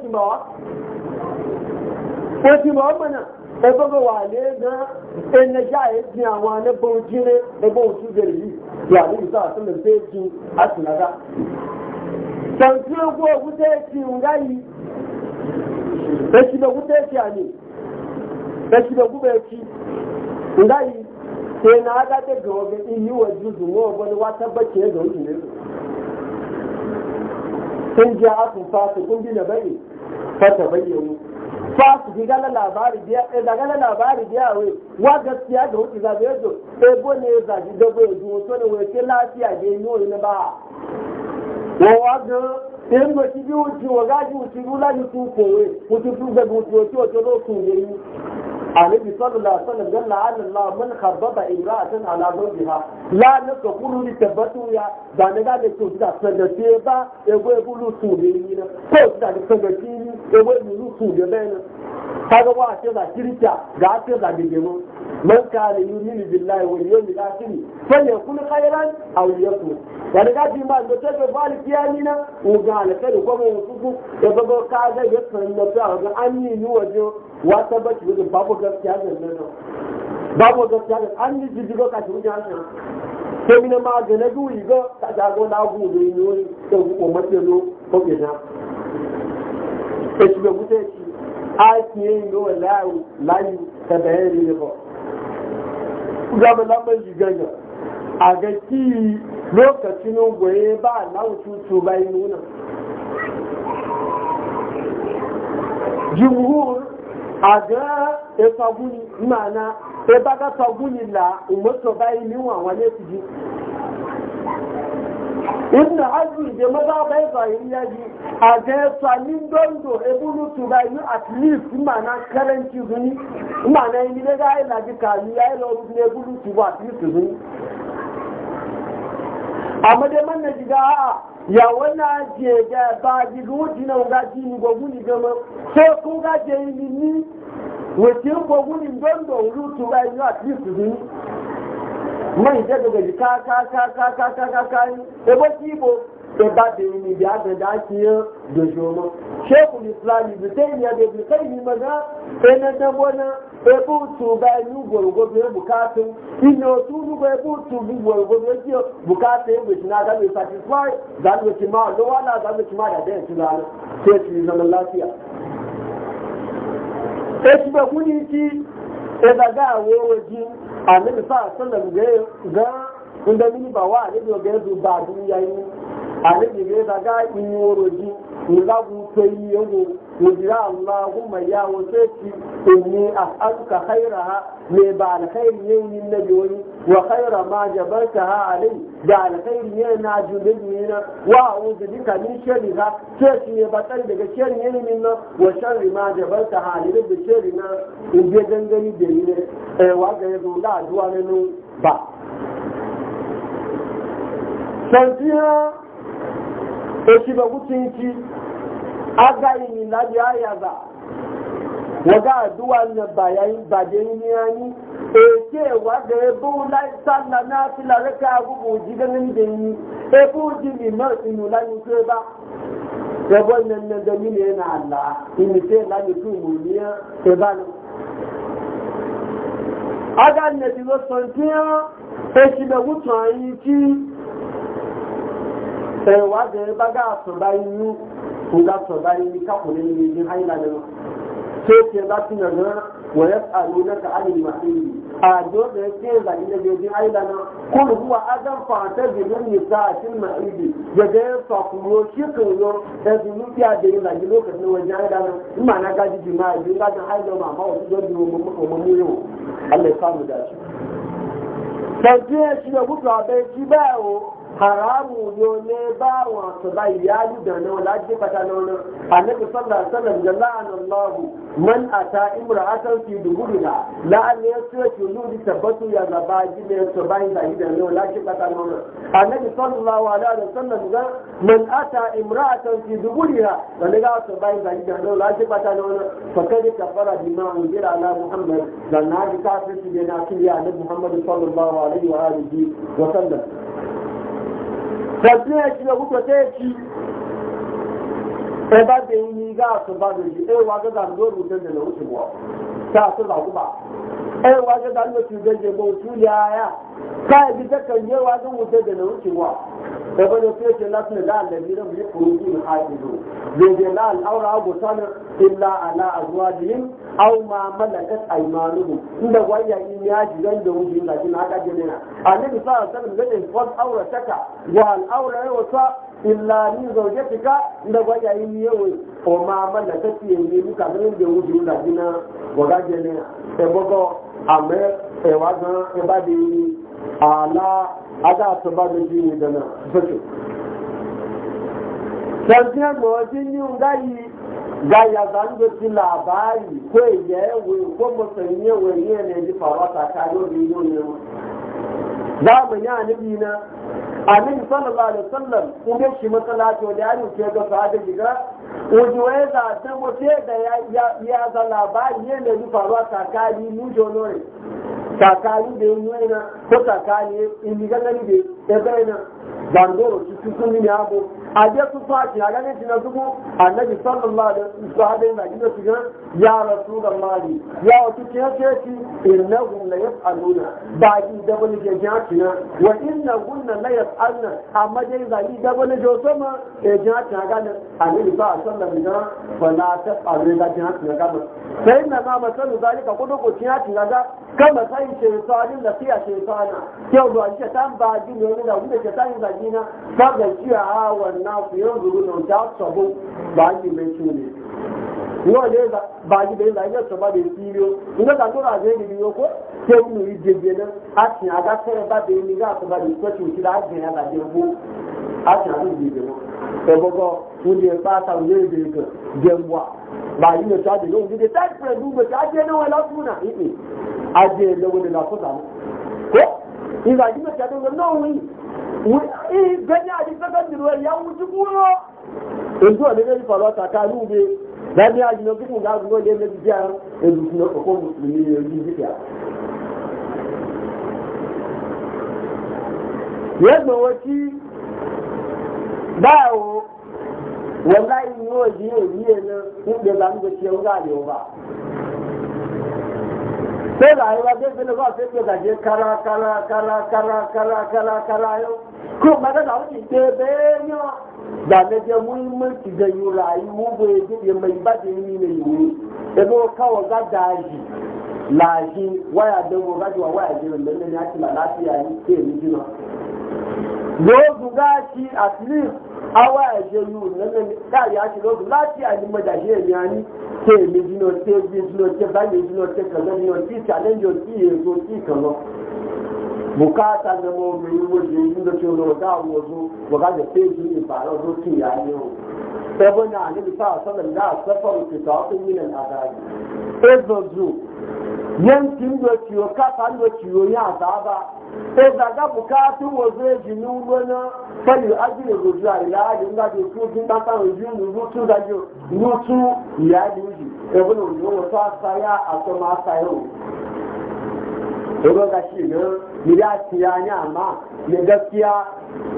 tí ó ti mọ̀ na ẹgbọ́gbọ̀ wà lé gan ẹnẹjá èsì àwọn anẹ́gbọ̀n jíire ẹgbọ́n òtú bẹ̀rẹ̀ yìí wà ní ìsọ àtúnlẹ̀ tó ju àtúnlága tẹ̀sí ogún òkúta èsì ńgá yìí èsì òkúta èsì àmì èsì òkúta èsì ńgá yìí sai na ga ga wani iyi wa juzu ne wata bace ga wani ne sun ji a fasu ki gala labari biya e da gala labari biya we wa gaskiya da wuce zabe yazo e bo ne za ji da bo yazo to ne we ke lafiya je yi ne ba wa ga en go ti bi wuce wa ga ji wuce rula ni tu ko we wuce tu ga wuce to to lo ku ne annabi sallallahu alaihi wasallam dalla ala Allah man khabbaba imra'atan ala zawjiha la nakulu li tabatu ya da ne ga da to da sanda te ba e go e bulu su ne ni na ko da da sanda ti ni e go e su ne ta ga wa ce da kirkiya ga ce da dige mu man ka ne yumini billahi wal akhir fa ne kun aw yakun da ne ga ma da ta ga bali kiyani na u ga ne ko mu su ku e ba ka ga ya sanda ta ga an ni ni wa tabbaci wajen babu gaskiya da nan babu gaskiya da an yi jirgin ka shi wajen hankali sai mina ma ga na ga ka jago na gudu ne ne da ko mace zo ko na sai shi ga gute shi a ki yin go layu layu ta bayani ne ba ga ba lamar jiganya a ga ki lokacin goye ba lawu tutu bayin nuna jumhur àjẹ́ ẹ̀tọ́gúnni mọ̀nà ẹbágátọ́gúnni là ìmọ́tọ̀bá ilé wọn àwọn létí jí ibùdó ájú ìdè mọ́bá ọba ẹ̀zọ̀ ìyá jí àjẹ́ ẹ̀tọ́ ní ndọ ebúlú tùbá ìlú at least mọ̀nà kẹrẹ́ntì zuni mọ̀nà ilé gáyé làjí kàlú yáyé lọ́rùn ebúlú tùbá at least zuni amma dai man na jiga a ya wani je ga ba jiga wuce na wuga ji ni gwagwu ni gama sai ko ga je ni ni wace gwagwu ni gondo wuru tu to yi ni at least ni man je daga ji ka ka ka ka ka ka ka ka e ba ti bo e ba yi ni biya da da ki da jomo shekul islam ibn ya da ibn qayyim maza sai na da bona ebe otu ụba anyị ugborogoro ebukata inye otu nnukwu ebe otu ugborogoro eji bukata na aga mesachi ga ma lụwa na ma na lafiya echibe kwunye ebe ga awa owe ji anabi sa ga ndị mmiri bawa adịghị oge ndụ ba adịm ya ga ga inye oro ji ewu وجرى اللهم يا وزيتي إني أسألك خيرها لبعد خير يوم النبي وخير ما جبلتها علي بعد خير ينا جبلنا وأعوذ بك من شرها شر يبطل بك شر يمنا وشر ما جبلتها علي بك شرنا إن جدن جديد وأجل يقول لا دوانا با santiya ta shi ba gutunci agaghị m ilabi ahịa ba wọga aduwa na bayan bajen eke wa ga ebe ụla salla na afila reka agbụgbọ ji ganin da yi ebe uji liman inula nke ba ebe onye nne gani ne na ala imite na mutu muliya ebe ne aga nne ti lo nke ya esi na wutu anyị ki ewa e ga ebe ga asụba inu kun za su bayan ni ka kula ni jin haila da sai ce za su nazo wa na ka anil mahidi a do da yake zagi da jin haila na kun huwa adam fa ta jibin nisa'atil mahidi ya ga fa kuyo shi kuyo da zunubiya da yin zagi lokacin wajen haila na in ma na gaji jima'a jin gajin haila ma ma wasu don mu yau Allah ya samu dace. Sai ce shi da gudu a bai ci bayawo haramu yo ne ba wa su ba ya yi da ne wala ji fata na wani annabi sallallahu alaihi wasallam jalla anallahu man ata imra'atan fi duburina la an yasatu ki tabatu ya gaba ji ne su ba yi da ne wala ji fata na wani annabi sallallahu alaihi wasallam ga man ata imra'atan fi duburina da ne ga su ba yi da ne wala ji fata na wani fa kadi kafara bi bima unzira ala Muhammad da na ji su da na kiriya annabi Muhammad sallallahu alaihi wa alihi wa sallam kàtí ẹ̀kí lọ púpọ̀ tẹ́ ẹ̀kí ẹbá dé ní gáàsù bá lè ẹwà gẹ́gà lóòrùn tẹ́lẹ̀ lọ́wọ́ ti wọ́ gáàsù làkúbà ẹwà gẹ́gà lóòrùn ti tẹ́lẹ̀ bọ̀ òtún lè ayá káàbí tẹ́kẹ̀ ní ẹwà gẹ́gà tẹ́lẹ̀ lọ́wọ́ ti wọ́ ẹbá ní pé ṣe láti lè láàlẹ̀ ní lọ́wọ́ yẹ kúrò ní aw ma malakat aymanuhum inda waya yi ya jiran da wuce ga kin haka jinna annabi sallallahu alaihi wasallam ya fad aurataka wa al aura wa sa illa ni zawjatika inda waya yi yawo o ma malakat yemi ka ganin da wuce ga kin wa ga jinna e bogo ame e wa gan e ba di ala ada to ba di ni dana fake sanjiya mo jin yun gayi gaya ya zango ci labari ko ya yawe ko musulmi yawe ne ne ji ta faruwa tsakanin riyo ne za mu yi bi na ani sallallahu alaihi wasallam ko ne shi masala to e da ya nuke ga sahabi o ji wa za ta ce da ya ya za labari ne ne ji ta ka mu jo no re ta ka yi de yin e na ko ta ka tsakanin in gangani da ya e bayyana zangoro ci sun yi abu a je su fashi a ganin shi na zubu annabi sallallahu alaihi wasallam da su ga ya rasu da mali ya wata ce ce ci innahum la yas'aluna ba ki da wani ke jatina wa innahum la amma dai zaki da wani jo sama e jatina ga nan annabi ba sallallahu da wala ta aure da jatina ga nan sai na ma masalu zalika kudu ko jatina ga kama sai ce salin da fiya ce sana yau da ake tan ba ji ne da wanda ke sai zaki na ba ga ciya wannan ku yanzu ne ta sabo ba ki mai tuni wọ́n lé báyìí lè ra ilé ìtọ́ba lè fi rí o nígbà tá tó rà lé ní ìrìn oko tí ó nù ìdèbè náà a tì àga fẹ́rẹ̀ bá bẹ̀rẹ̀ ní ìgbà àtọ́ba lè tọ́jú òsì rà á jẹ̀ àlàjẹ̀ owó a tì àga ìdèbè wọn. ẹ̀gbọ́gbọ́ ń lè bá a ta òye èdè gan jẹun wa báyìí tó àdéhùn dídé táì pẹ̀lú gbogbo a jẹ́ náà wọ́n lọ́sùn náà ìpè a jẹ́ ẹ̀lẹ́wọ̀n lè lọ́sùn náà kó ìgbà yìí lè tẹ̀lé wọn náà wí ìgbẹ́ni àdìsẹ́kẹ́ jùlọ ìyá wọn ti kúrò. èdè lábẹ́ àjùlọ kí fún gáàgùn lóde méjì jẹ́ ẹlù fún ọkọ̀ mùsùlùmí ní orí ìdíjà. yẹ́gbọ̀n wọ́n tí báwo wọ́n láì ní òjì èyí ẹ̀nà ń gbé bá ń gbé ṣe ń ráàyè ọba. Bẹ́ẹ̀ni àyíwá dé ìpínlẹ̀ bá fẹ́ gbé gàjẹ́ kára kára kára kára kára kára kára da na je muhimmanci da yi rayuwa ba ya je mai ba da yi ne yi da zo kawo ga daji laji waya da mu ga waya jirin da ne ya ci lafiya yi ke yi jina lóògùn gáàsì àtìlì awọ ẹ̀jẹ̀ yìí lẹ́nu káàrí àti lóògùn láti àìmọ̀dàṣe èmi àní tí èmi jìnnà tí ebi jìnnà tí báyìí jìnnà tí kàlẹ́ jìnnà tí ìsàlẹ̀ jìnnà tí èso tí ìkànnà. bukata na mo mai waje yin da cewa ga wazo waga da feji ne ba ra zo ki yayi o sai na ne bisa sanan da safar ki ta ku min al ezo zu yan tin do o, ka ta do ciwo ya azaba sai da ga bukatu wazo ji nu wona sai ajire go ju ai la ni ga do ku tin ta ta ju nu ru tu da ju nu tu ya di ji e bo no yo ta sa ya a to ma sa yo Ego ga shi ne ya tiya ni amma ya gaskiya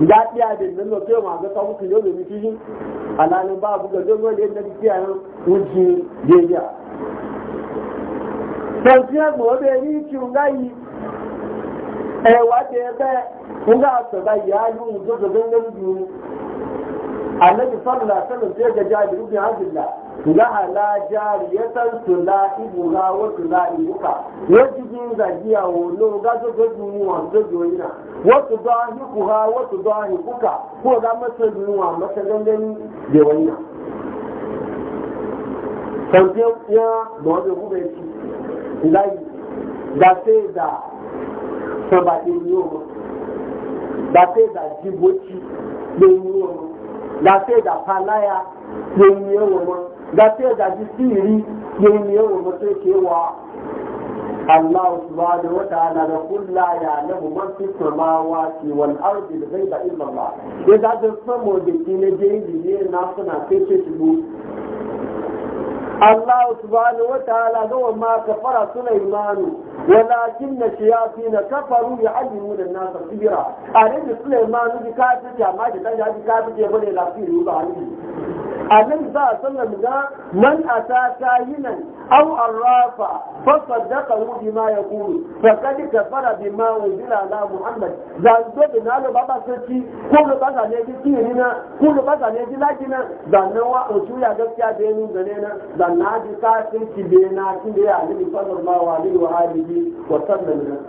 ya tiya da nan no sai ma ga ta muku yau da miki alanin ba buga don wanda yadda tiya nan wuce jeja sai tiya mu da ni ci ngai eh wa da ba kun ga ta ba ya yi mu zo da gangan biyu annabi sallallahu alaihi wasallam sai ga jabiru bin abdullah jari la lahala jariyatan tula'ibuha wa tula'ibuka wajibin zagiya wolo ga zo ga dunu wa zo yoyina wa tudahikuha wa kuka ko ga masa dunu wa masa gangan da wayina sanke ya da wajen kuma ya ci ilayi da sai da sabaɗin yiwu da sai da jiboci da yiwu da sai da falaya da yiwu gafe da ji siri yin ne wa Allah cewa Allah subhanahu wa ta'ala da kullu ya lahu man fi samawati wal da zai ghaibi illa Allah ya da da samo da kine je ne na suna sai ce shi Allah subhanahu wata ala ga wa ma kafara Sulaimanu ولكن الشياطين كفروا يعلمون الناس الكبيرة عليه سليمان بكافر ما جدا جدا كافر يقول لا في يوضع hannu. annabi sa sallam ga man ata kayinan aw arrafa fa saddaqa ka fara bi ma bima unzila ala muhammad zan do da nalo baba sai ko lo ba zane ji kiri na ko lo ba zane ji laji na zan wa otu ya gaskiya da yanu zane na zan na ji ka sai ci be na ki da annabi sallallahu alaihi wa alihi wa sallam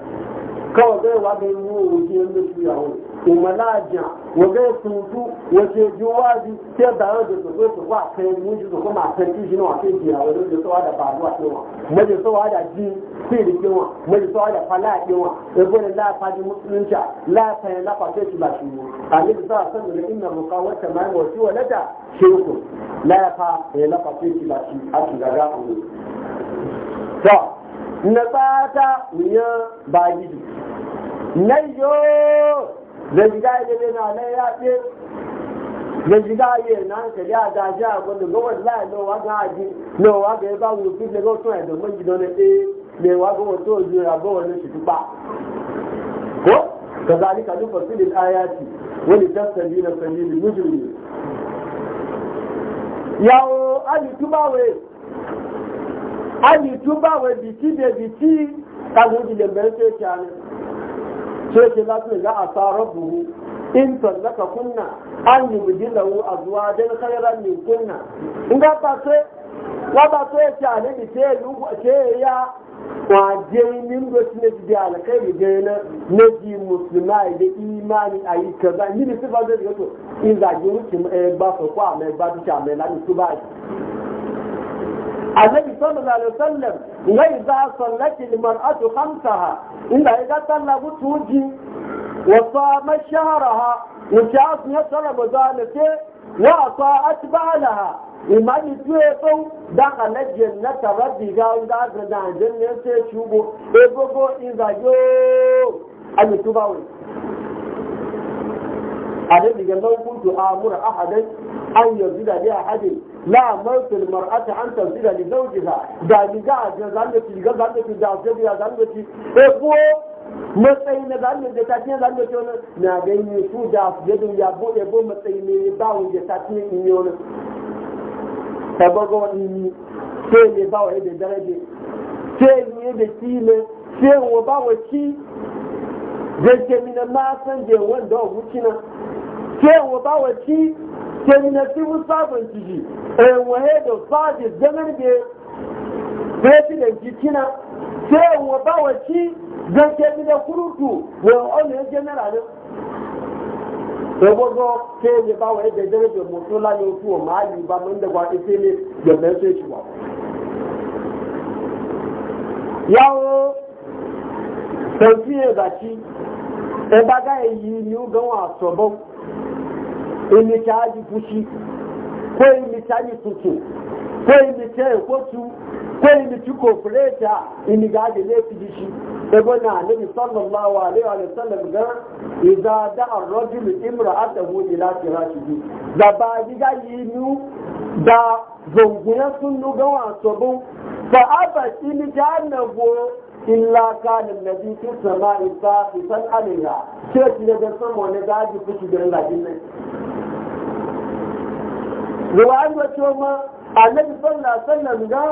kawai zai wa ga yi mu wuce yanda su yawo umalaja wage tuntu wace juwaji sai da yau da zo su ba kai mun ji kuma san ji na wace ji yawo da tsawa da faruwa kewa maje tsawa da ji sai da kewa maje tsawa da fala kewa da gole la faji musulunci la sai la fa sai ba shi annabi sallallahu alaihi wasallam inna ruqawata ma wa shi walata shirku la fa la fa sai ba shi a tugaga ku to na tsata ne ba gidi na yo da shiga ya na nan ya ce da shiga yi na hankali a daji a gwada ga wani la'ayi na ga haji na ga ya ba mu fi da gautu a da manji na ɗaya ne wa ga wato wani shi ba ko ka zalika duk fasilin ayati wani tasiri na sanyi mujrimi yawo alitubawe alitubawe biti da biti kagun jilembe sai ta ne sai ke za su ga a tsara buhu in tallaka kunna an yi wu a zuwa don khairan min kunna in ga ba sai wa ba sai ta ne bi sai lu ke ya wa je min go ne bi alkai je na ji musulmai da imani ayi kaza ni ne ba zai ga to in za ruki eh, ba so kwa mai ba ta mai la su ba annabi sallallahu alaihi wasallam wai za sallaki limar aju hamsaha inda ya ga sallar mutu wa samar shahara ha wuce asu ya tsara ba za na ce wa a sa a ci ba na ha imani su ya tsau da na tarabi ga wanda aka da hajjin ne sai shugo ebogo inza yo a a ne diga nan a an yanzu da ne a la mansul mar'ati an tanzila li zawjiha da ni ga ga zanda ci ga zanda ci da ga ya zanda ci e ko matsayi na zanda da ta ce zanda ci wannan na ga ni su da ga dun ya bo e bo matsayi ne ba wanda ta ce in yi wannan sabago ni sai ne ba wai da daraje sai ne da kile sai wa ba wa ci zai ke mina ma san je wanda wucina sai wa ba wa ci kemina ti musabon ciki enwaye da fadi zanen da presidanci kina sai enwa bawaci zan kemina kurutu wa onye general ebogo ke ne bawaye da zanen da mutu lalai otu wa ma'ali ba mun da gwaɗi sai ne da mai sai ci ba yawo sauki ya zaci ẹgbàgá èyí ni ó gánwà àtọ̀bọ́n èmi tí a yí fushi kó èmi tí a yí tutù kó èmi tí a yí kótu kó na anabi sallallahu alaihi wa sallam ga idza da ar-rajul imra'atahu ila firashihi da ba diga yi nu da zonguna sun ga wasu bu fa abati ni jannabu illa kanin na bi fi sama isa fi san alila ce ki da san wani gaji fuki da lajin nan ruwan da cewa annabi sallallahu alaihi wasallam ga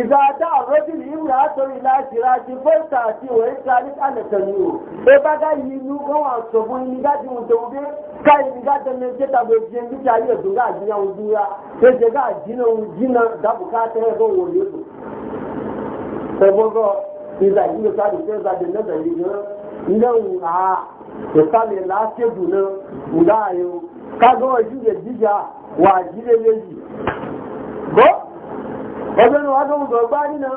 idza da rajul yura to ila jirati farta ti wa ikalik ala taniyo e ba ga yi nu ko wa so bu ni ga dun to be ka yi ga da ne je ta be je ni yi do ga jinya u dura e je ga jina da bukata e go wo yo to ìgbà yìí ló sáré fẹ́ gbàdé lọ́dọ̀ yìí gan lẹ́wù ha ìsàlẹ̀ láṣẹ́dù náà ńlá ayé o kágọ́ ojú rẹ̀ jíjà wà jílé méjì. bọ́ ọjọ́ ni wàá tó ń gbọ́ gbá nínú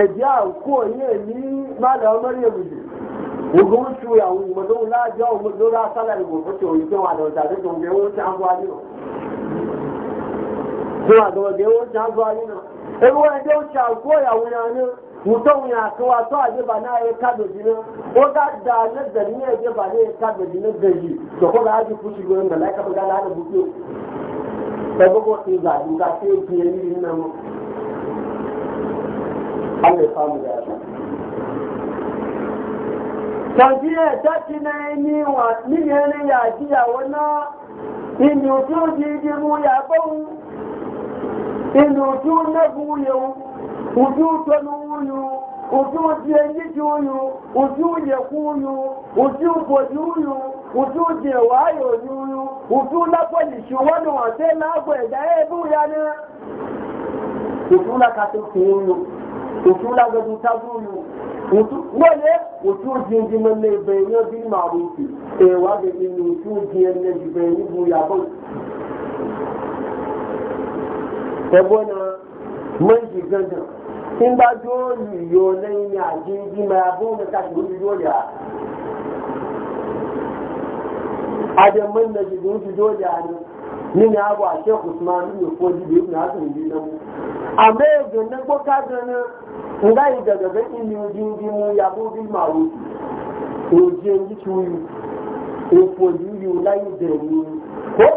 ẹ̀jẹ̀ àkó yé ní bàlẹ̀ ọmọdé èbùdó ogun ń tu àwọn ìmọ̀tò ńlá àjọ òmòdó rà sálà ìbò fún ti òyìnbó wà lọ tàbí tó ń gbé owó tí a ń bọ́ ayé náà. tó àgbọ̀dẹ̀ owó tí a ń bọ́ ayé náà. ewu ẹjọ́ ń ṣàkó ìyàwó yẹn náà. mutum ya kawa to a na ya kada jinin ko ga da na gari ya ya da ko ga aji fushi gurin da laika ba gana da buke da gogo sai ga ki yi ni nan Allah ya samu da ta na ni wa ni ne ne ya ji ya inu huyu ujuzi engiji huyu ujuje kuyu ujuboji huyu ujuje wayo yuyu utulakwelishi wano waselagweda ebuyana utula katukuyu utula gadutabuyu wale utuje ndimane benyo bili marufi ewage ini utuje jibeni buyabo ebona manji ń bá dóòlù yóò lẹ́yìn ji ibi máa bó mi káàkiri lórí dóòlù à. Adẹ̀mọ́ ìlẹ̀ jìdì ni. Nínú àbọ̀ àṣẹ kò sí ndị nínú ìfọ́ ìdílé ìfún àtùn ìdí náà. Àmọ́ èdè nígbó kájọ náà, ńlá ìgbẹ̀gbẹ̀ bẹ́ẹ̀ ibi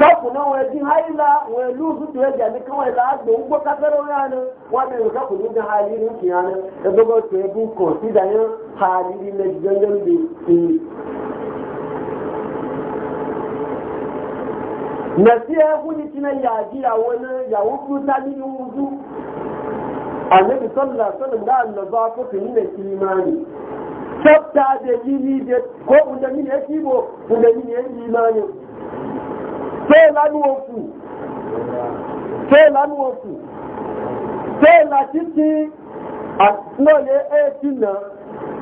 kapu na wọ́n ẹ̀dín haila wọ́n ẹ̀lú òtútù ẹ̀jẹ̀ ní káwọn ẹ̀dá àgbò ń gbọ́ kápẹ́rẹ́ orí àná wọ́n bẹ̀rẹ̀ kapu ní gan hali ní kìí àná ẹgbẹ́gbẹ́ tó ẹbú kàn sí ìdáyẹ́ hali ní lẹ́jì gẹ́gẹ́ ni tí náà àwọn yàwó kú ní wúdú. Àlébì ní ní fẹ́ lánú òkú fẹ́ lánú òkú fẹ́ láti tí àtúnlẹ̀ ẹ̀ẹ́tì náà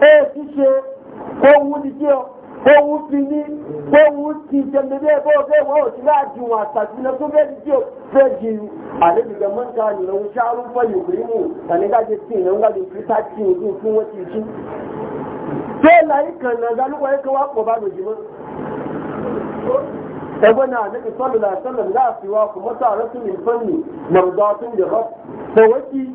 ẹ̀ẹ́tì ṣe kówú ní kí ọ kówú fi ní kówú ti jẹmẹ̀lẹ́ ẹgbẹ́ ọgbẹ́ ìwọ̀n òsì láti wọn àtàkùnlẹ̀ tó bẹ́ẹ̀ ní kí ọ fẹ́ jì í àlébìgbẹ̀ mọ́ta ìrọ̀rùn ṣáárún fọ́ ìwé mú tànígájẹ́ tí ìrọ̀rùn gbàdùn fi tá tí fún wọn ti jí fẹ́ láyé kan náà dálúkọ̀ ẹ̀kọ́ pọ̀ bá lòjì mọ́ ابن النبي صلى الله عليه وسلم لا سواك متعرف من فني مرضات للرب فوتي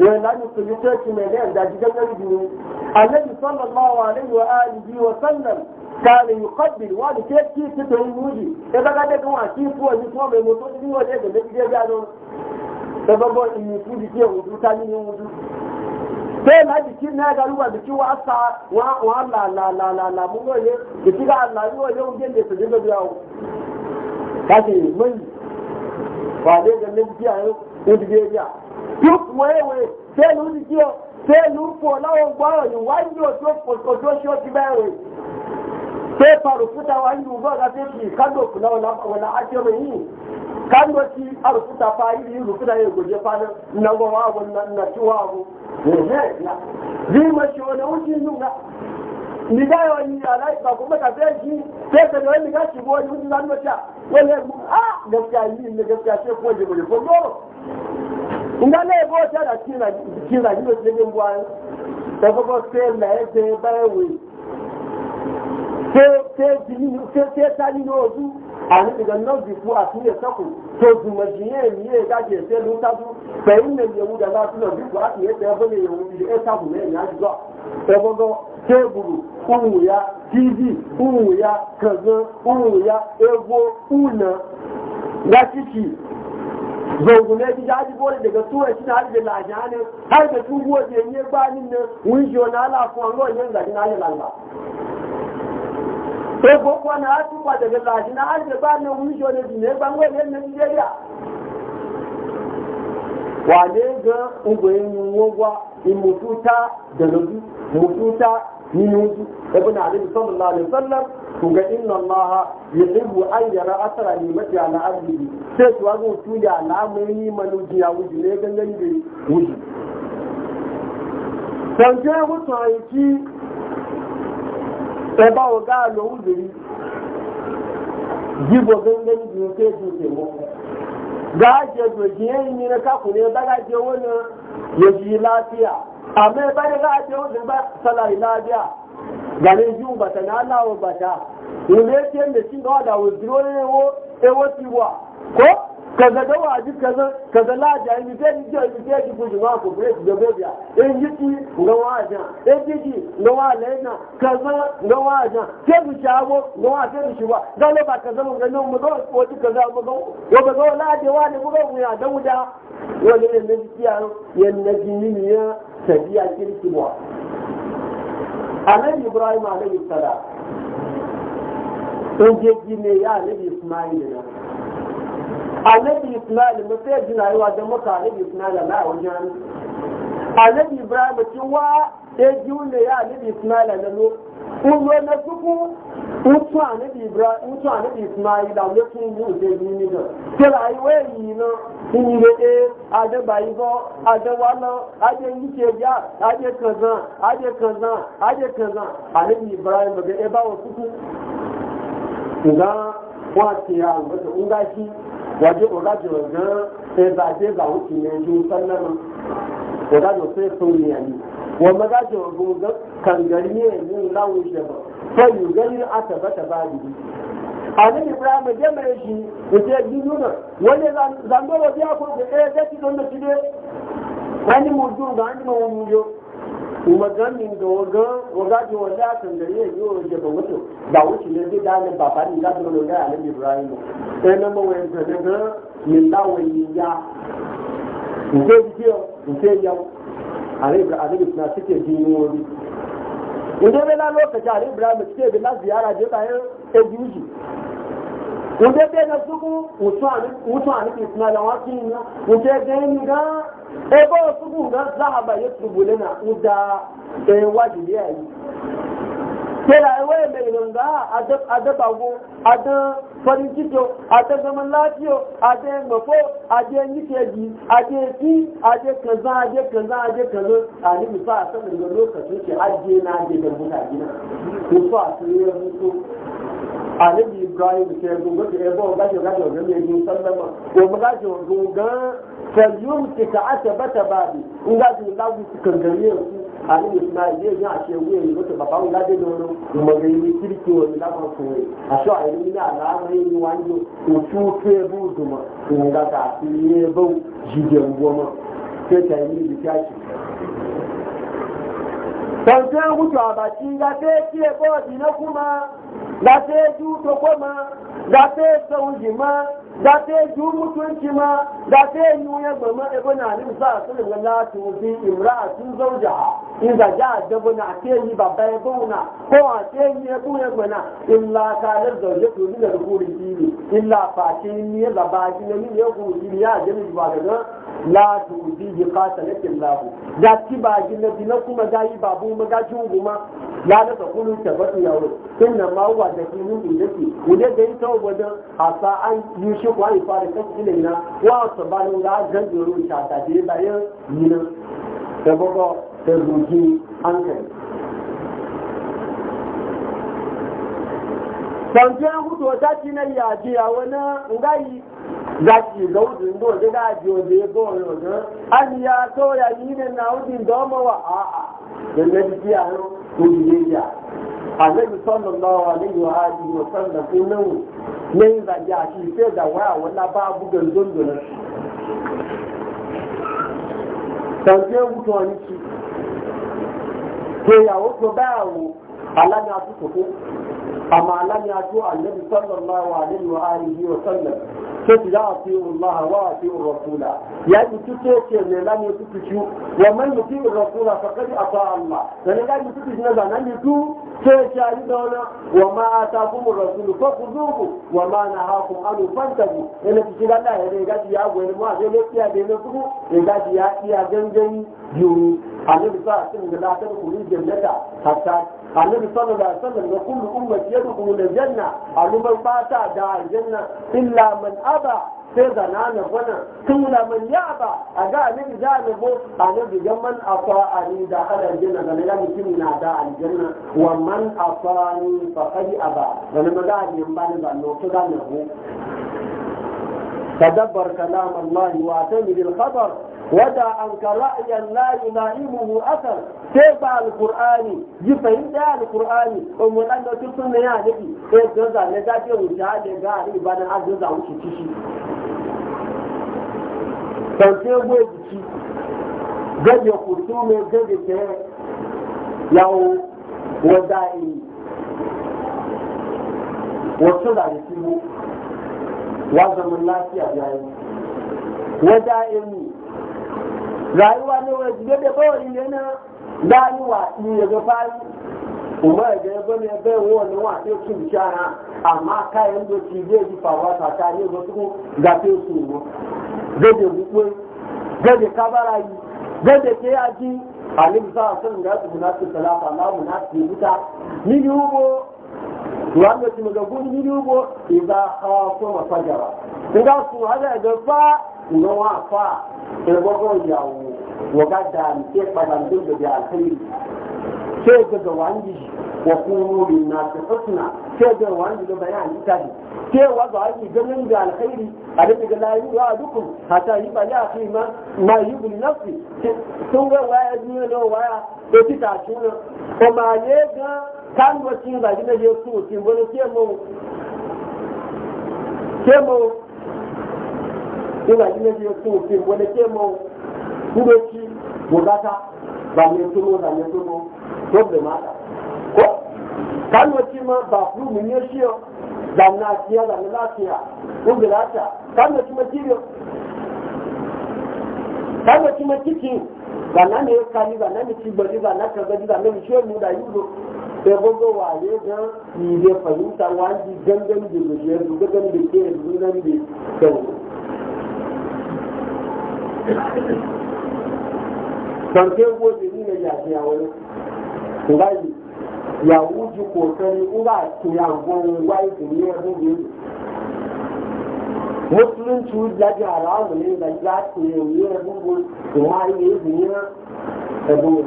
ولا يقيتك من غير ذلك النبي النبي صلى الله عليه واله وسلم كان يقبل وادي كيف كيف تتهمودي اذا قد كان كيف هو يسوى من مصدر هو ده ده ده ده sababu imefudi pia hujuta nini hujuta tena jiki na garuba jiki wa asa wa wa la la la la la mungo ye jiki ga la yo yo ngende se dindo yao kashi mai kwale ga lafiya yau biya. duk wewe sai lu kiyo sai lu fo lawon gbaro ni wa ni o to ko to so ti bawe sai faru futa wa ni ba ga sai kando kula wala wala ajiro yi kando ki aru futa fa yi yi rufuta ye goje fa na na wa wa na na tuwa ho ne ne ya ji ma shi wuce nuna nígbà yọ ní aláìsàn kó mẹ́ta fẹ́ jí fẹ́ẹ̀sẹ̀ lọ́wọ́ nígbà tí wọ́n ní oṣù lánàá ah! tí a wọ́n lè mú a gẹ̀ẹ́sì àyè ní gẹ̀ẹ́sì àti ẹ̀kọ́ ìdìbò lè fọ́gbọ́. nga lè bọ́ ọ̀tí àdá tí ìrìnà yìí ló ti lé wá ẹ̀kọ́kọ́ fẹ́ là ẹ́ jẹ báyìí fẹ́ tá nínú ojú àní ìgbà náà bì fún àtúnyẹ̀ sọ́kù tó dùnmọ̀ jù yẹn ke ẹ̀ka jẹ̀ ṣe ló ń sáfù pẹ̀lú ìmẹ̀lẹ̀ ìyẹ̀wò dàgbà sílọ̀ bí kò á ti yẹ tẹ́ ẹ̀fọ́ lè yẹ̀wò ìdí ẹ̀ sáfù mẹ́rin á ti gbọ́ ẹ̀fọ́gọ́ teburu uwuya tv uwuya kazan uwuya ego una ga ciki zongune ti ja ji bore daga tuwa shi na harbe lajani har da su goje ne ba ni ne wun wani ala ko an goje zaki na yi lalba e ko ko na atu ba daga lajani har da ba nan wun wani ji ne ba goje ne Nigeria wa ne ga ugoyin wogwa imututa da lobi mutunta ninu ibn ali sallallahu alaihi wasallam ku ga inna allah yuhibbu an yara asra nimati ala abdihi sai to wazo tuya alamuni manuji ya wuji ne gangan da wuji dan je wuta yiki e ba o ga lo wuji jibo gangan da ke ke ga je do je ni na ka ku ne daga je wona lafiya amma ya bada za a ce wanda ba salari na biya ganin yiwu bata na allawa bata wule ce da shi gawa da wuzuro ne wo ewo wa? ko kaza da waji kaza kaza la ja ni ke ni ke ji ke ku jima ko bre da bobia en yiti no waja en yiti no wala na kaza no waja ke ku shawo no wa ke shi ba da le ba kaza mun ga mu do ko ti kaza mu go yo ba go la wa ne mu go mu ya da mu da yo ne ne ti ya ne ji ni ya tabiya kirki ba anan ibrahim alayhi salam in je gine ya annabi ismail na annabi ismail mu sai jina yawa da muka annabi ismail na wajen annabi ibrahim ci wa sai jiwon ya annabi ismail na lo kun na suku mutu anabi ibrahim mutu anabi ismail àwọn yóò tún mú ìdè ní yi tẹ́lá ìwé yìí ná ìnire e adébáyíbọ́ adéwálọ́ adéyíkejì adékanzan adékanzan adékanzan anabi ibrahim e bẹ̀rẹ̀ ẹ bá wọn tuntun nga wọn ti ya ngbẹsẹ nga si wàjú ọgájọ gan ẹgbà débà ó ti la sálẹmọ ọgájọ fẹẹ tó yẹn ni wọn mẹgájọ gbọngàn kàngàrí yẹn ní láwùjọ bọ. fa yugallu asabata ba'dihi anin ibrahim jamare shi yace dinuna wani zango wa biya ko da ɗaya zaki don da shide wani mutum ga an ma wani yo kuma ganin da waga waga ji wanda kan gari ya yo je ba wuce ba wuce ne zai dane ba fa ni zaka mun ga ibrahim sai nan mun wani ga min wani ya ko ji ko sai ya anin ibrahim suna suke dinuna inda bai na lokaci a ibrahim suke bi na ziyara je bayan ejuji inda bai na suku mutu a nufi suna da wasu yin na inda gani ga ebe suku ga za a bayan na inda ɗayan e wajibi a yi sai rayuwa mai ranga a da bago a da farin ciki a da zaman lafiyo a da mafo a da nikeji a da fi a da kaza a da kaza a da kaza a ni bi sa san da lokacin ke ajiye na ajiye da mutane na ko fa su yi mutu a ni bi ibrahim ke gungun da ebo gajo gajo ga mai gun sallama ko mu gajo gungan falyum tika atabata babi in gajo lagu su kan gare su ani ismail yéé ní àṣẹ ewé yìí lóṣù bàbá wọn ládé lóru ìmọ̀lẹ̀ yìí kíríkì òní láwọn fún mi àṣọ àìrí ní àlàáfíà yìí ni wọ́n yóò òtú tó ebú dùmọ̀ ìwọ̀n gàgà àti ilé ebó jíjẹ ìwọ mọ́ kéèkà yìí níbi tí a ṣe. tọ̀tún ẹ̀wùjọ àbàtì gàtẹ́ tí ebó ọ̀dìnẹ́kù máa gàtẹ́ ojú tó kó máa gàtẹ́ sọ̀hún jì da ta yi mutunci ma da ta yi nuya gbama ebe na alim sa a sulun ga latu bi imra sun zauja in da ja dabo na ta yi babba ya bauna ko a ta yi ya buya gbana illa ka lar zauje to ni da rukuri jini illa face ni ya laba ji na ni ya kuru jini ya jini ba ga nan latu bi ji kata na killahu da ci ba ji na kuma da yi babu ma ga ji guma la da ka kulu ta batu yawo inna ma wa da kinu inda ki wuda da yi tawo wajen asa an yi shi ko ayi fara ka kile na wa to ba no ga zan duro ta ta dai ba yin ni na da boko da ruji an kai dan hudu ta ci na yaji a wani ngai zaki ga wujin do da gaji o da go yo da an ya so ya yi ne na wujin do ma wa a a da ne ji ya no ko ji ya annabi sallallahu alaihi wa alihi wa sallam da nan ne da ya shi sai da wa wala ba bu ga don don sanke wuto ni ki ke ya wo ko ba wo alaga su ko amma lam ya zo annabi sallallahu alaihi wa alihi wa sallam sai ku za'a fi Allah wa fi rasula ya yi tuto ce ne lam ya tuke shi wa man yuti rasula faqad ata Allah dan ga yi tuto shi na zanan ne tu sai ya yi da wala wa ma ta atakum rasul fa khudhuhu wa ma na nahakum an fantahu ina tuke ga Allah ya ga ya gwani mu a zai sai ya ne ku ya ga ya iya gangan يورو النبي صلى الله عليه وسلم لا تدخلوا الجنة حتى النبي صلى الله عليه وسلم وكل أمة يدخلون الجنة الأمة فاتا دعا الجنة إلا من أبى sai zana na gwana tula man ya ba a ga nan za na bo a nan diga man afa ani da hada aljanna da na mutum na da aljanna wa man afa ni fa kai aba da na ga ni ba ni ba no to da na bo tadabbar kalam Allah wa tamil al khabar wada an kara yan imu mu asal sai ba alqur'ani ji fahimta alkur'ani ko mu dan dauki sunna ya nabi sai gaza ne da ke wuta da ga ari ba da azu wuce tishi dan sai go biki gaje kutume gaje ke yawo yi Wasu da shi mu lafiya ya yi yayi wada'in rayuwa ne wai gbe da bawari ne na rayuwa ne ya ga fari kuma ya gaya bane ya bai wani wa sai su bishara amma kayan da ci zai ji faruwa ta ta ne wasu ko ga sai su ne gade bukwe gade zai da ke yaji alim sa sun da su munafi salafa na munafi buta hugo wanda ci magagun hugo idan kuma fajara su hada da fa ìwọ wọn àfa ẹgbọgbọ ìyàwó wọgá dàní tí ẹ padà ní gbèdé àkérè tí ẹ gbèdé wà ń yìí wọ kún un lórí nà tó fẹsùnà tí ẹ gbèdé wà ń yìí ló bẹ yàn níta yìí tí ẹ wà bàá yìí gbẹmí ní àlẹkẹyìí àdébìgẹ náà yìí wà dùkùn àti àyíká ní àfihàn má má bùn náà sì tó ń wẹ wáyà ẹbí yẹn lọ wáyà etí tà tún náà ọmọ àyè gan káńgọ tí ń bàjẹ́ náà yẹ kú nígbà tí méjì fún òfin wọlé tí mo kúrò tí mo dáta bàyẹ̀ tó mọ́ máa dà kọ́ tí ma bà fún mi ní ṣí ọ dànù àti ẹ láti à ó bẹ̀ láti tí ma kiri ọ kánú tí ma kìkì bàná mi ka ní bàná mi ti gbọdí bàná kan bàná mi ṣé mi dà yí lò sai wa waye gan ni zai fahimta wani gangan da gajiyar gangan da ke yanzu nan da kyau kante wo ti ni ne yàtì ya nga yi yàwó ju kò sẹ́ni nga ti àwọn nga yi ti ní ẹ̀bùn mi muslim tu jadi haramu ne nga yi láti ní ẹ̀bùn mi ìwọ̀n ayé yìí ti ní ẹ̀bùn mi.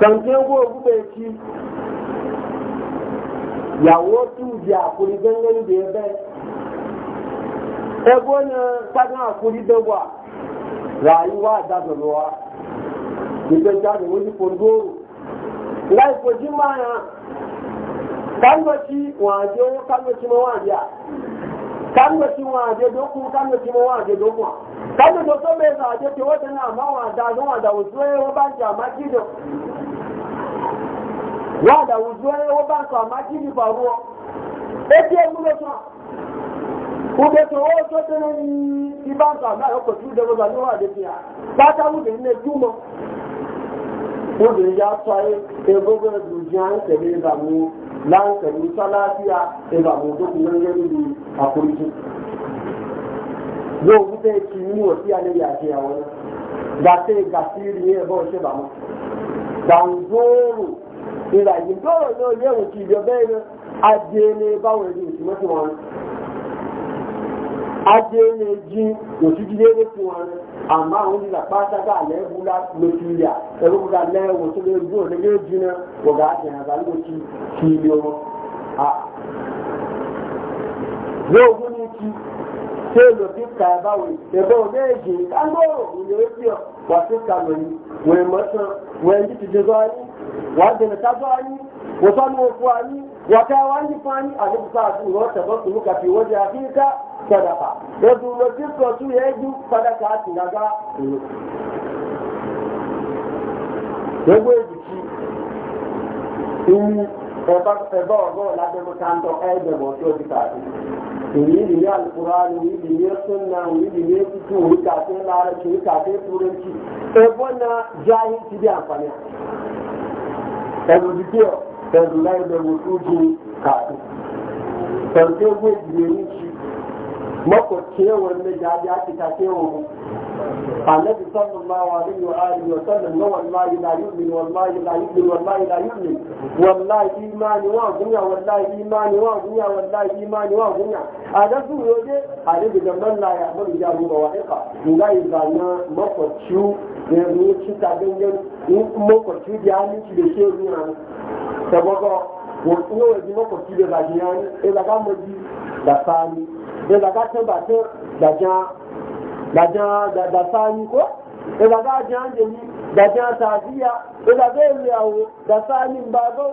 kante wo gbogbo eti yàwó tu di àkùrí gẹ́gẹ́ ní bẹ́ẹ̀ ẹgbẹ́ ní sáyẹn àkórí dẹ́wà ràyíwá àdádọ̀lọ́wà ìgbẹ́jáde wọ́n ti pọ̀ndóòrò láì fojú máa yàn kánúwẹ̀tì wọ́n àjẹ́ owó kánúwẹ̀tì mọ́ wọ́n àjẹ́ à kánúwẹ̀tì wọ́n àjẹ́ dókun kánúwẹ̀tì mọ́ wọ́n àjẹ́ dókun à kánúwẹ̀tì tó bẹ́ẹ̀ sọ àjẹ́ tí wọ́n ti ní àmọ́ wọn àdá àwọn àdàwò tó yẹ wọ́n bá ń jẹ àmájídọ̀ wọ́n àdàwò tó yẹ wọ́n bá ń sọ àmájídì pàrọ̀ ẹ Ube to wo to tana na ko tu da ba no wa de ya. Ba ta mu de ne jumo. Ube ya tsaye e gogo da dujan ke ne da mu lan ka ni salatiya e ba mu duk nan ne ni a kurji. Yo mu de ki ni wa ti ale ya ke ya wa. Da te ga ti ri e bo se ba mu. Da ngoro ila yi ngoro no ye adéyẹjì òtútù léwé fún wọn àmọ́ àwọn onílà pátákà lẹ́ẹ̀bùlà lọ́tìlíà ẹ̀rọ̀bùlà lẹ́ẹ̀wọ̀ tó lè gbó lẹ́gẹ́jì náà ọ̀gá àjẹ̀yàbá ló ti fi ilé wọn. yóò wú ní ti ṣé èlò tí kà báwo ìṣẹ̀bọ̀ méjì kágbóòrò ìlú èsì ọ̀ wà sí kàlọ́ yìí wọ́n mọ̀ sàn wọ́n ti ti dé sọ́ ayé wọ́n dènà sábọ́ ayé wọ́n sọ́nù òkú ayé wọ́n ká wáyé fún ayé àdébùsọ̀ àti ìrọ̀ tẹ̀bọ́ sadaka da dulofi su ya yi sadaka su daga ya gwe jiki in ẹba ọgọ ọládẹmọ kanto ẹgbẹmọ eh, tí ó ti kàdé èyí ìdí ní alukuraani èyí ìdí ní sunna èyí ìdí ní tutu èyí kàdé lára èyí kàdé turanci ẹbọ na jáyé ti di àǹfààní ẹbùn dídí ọ ẹbùn láyé bẹ̀rù tó ju kàdé ẹbùn tó gbé ìdílé ní ti makwacewar na jaji ake ta mu annabi sallallahu alaihi wa alihi wa sallam na wallahi la yu'min wallahi la yu'min wallahi la yu'min wallahi imani wa gunya wallahi imani wa gunya wallahi imani wa gunya a da su yoje a da daga man ya bari ja mu wa ika ina izana makwaciu ne mu ci ta gangan makwaciu da ya ci da shehu na sabaga ko kuma wajen makwaci da ba shi ya ni ila da sani da zaga ta ba ta da jan da jan da da sani ko da zaga jan da da jan da zaga yawo da sani ba go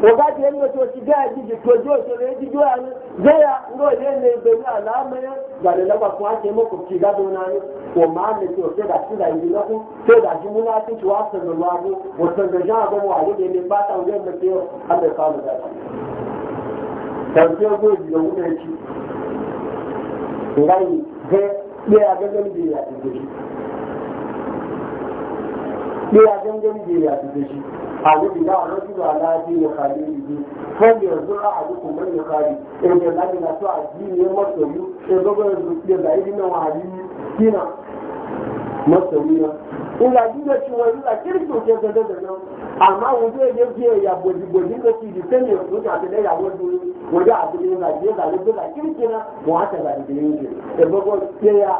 ga da yanzu to shi ga ji to ne ji ya ko ake mu ko do na ko ma ne to da shi yi na ko sai da shi na ci wa sallallahu wa sallallahu alaihi wa sallam ne ba ta wajen da ke Allah ya kawo da ta sai ngai he ɗaya gangan da ya fito shi ɗaya gangan da ya fito shi a nabi na rasu da alaji ya kare ibi kan ya zura a duk kuma ya kare in da nabi na so a ji ne masoyu in e, gaba e, ya zuci ya zai e, dina wani kina masoyu na in la ji da ciwon la kirkin ke gada da nan àmọ́ àwọn ojú èdè bí ẹ̀yà gbòdìgbòdì ló ti di sẹ́mi òkúta àtẹlẹ́ a dúró wọlé àtẹlẹ́ ìlàjì ìlàjì ìlàjì kìrìkìrì mọ̀ á tẹ̀lé àtẹlẹ́ ìlàjì ẹ̀gbọ́gbọ́ ṣe ya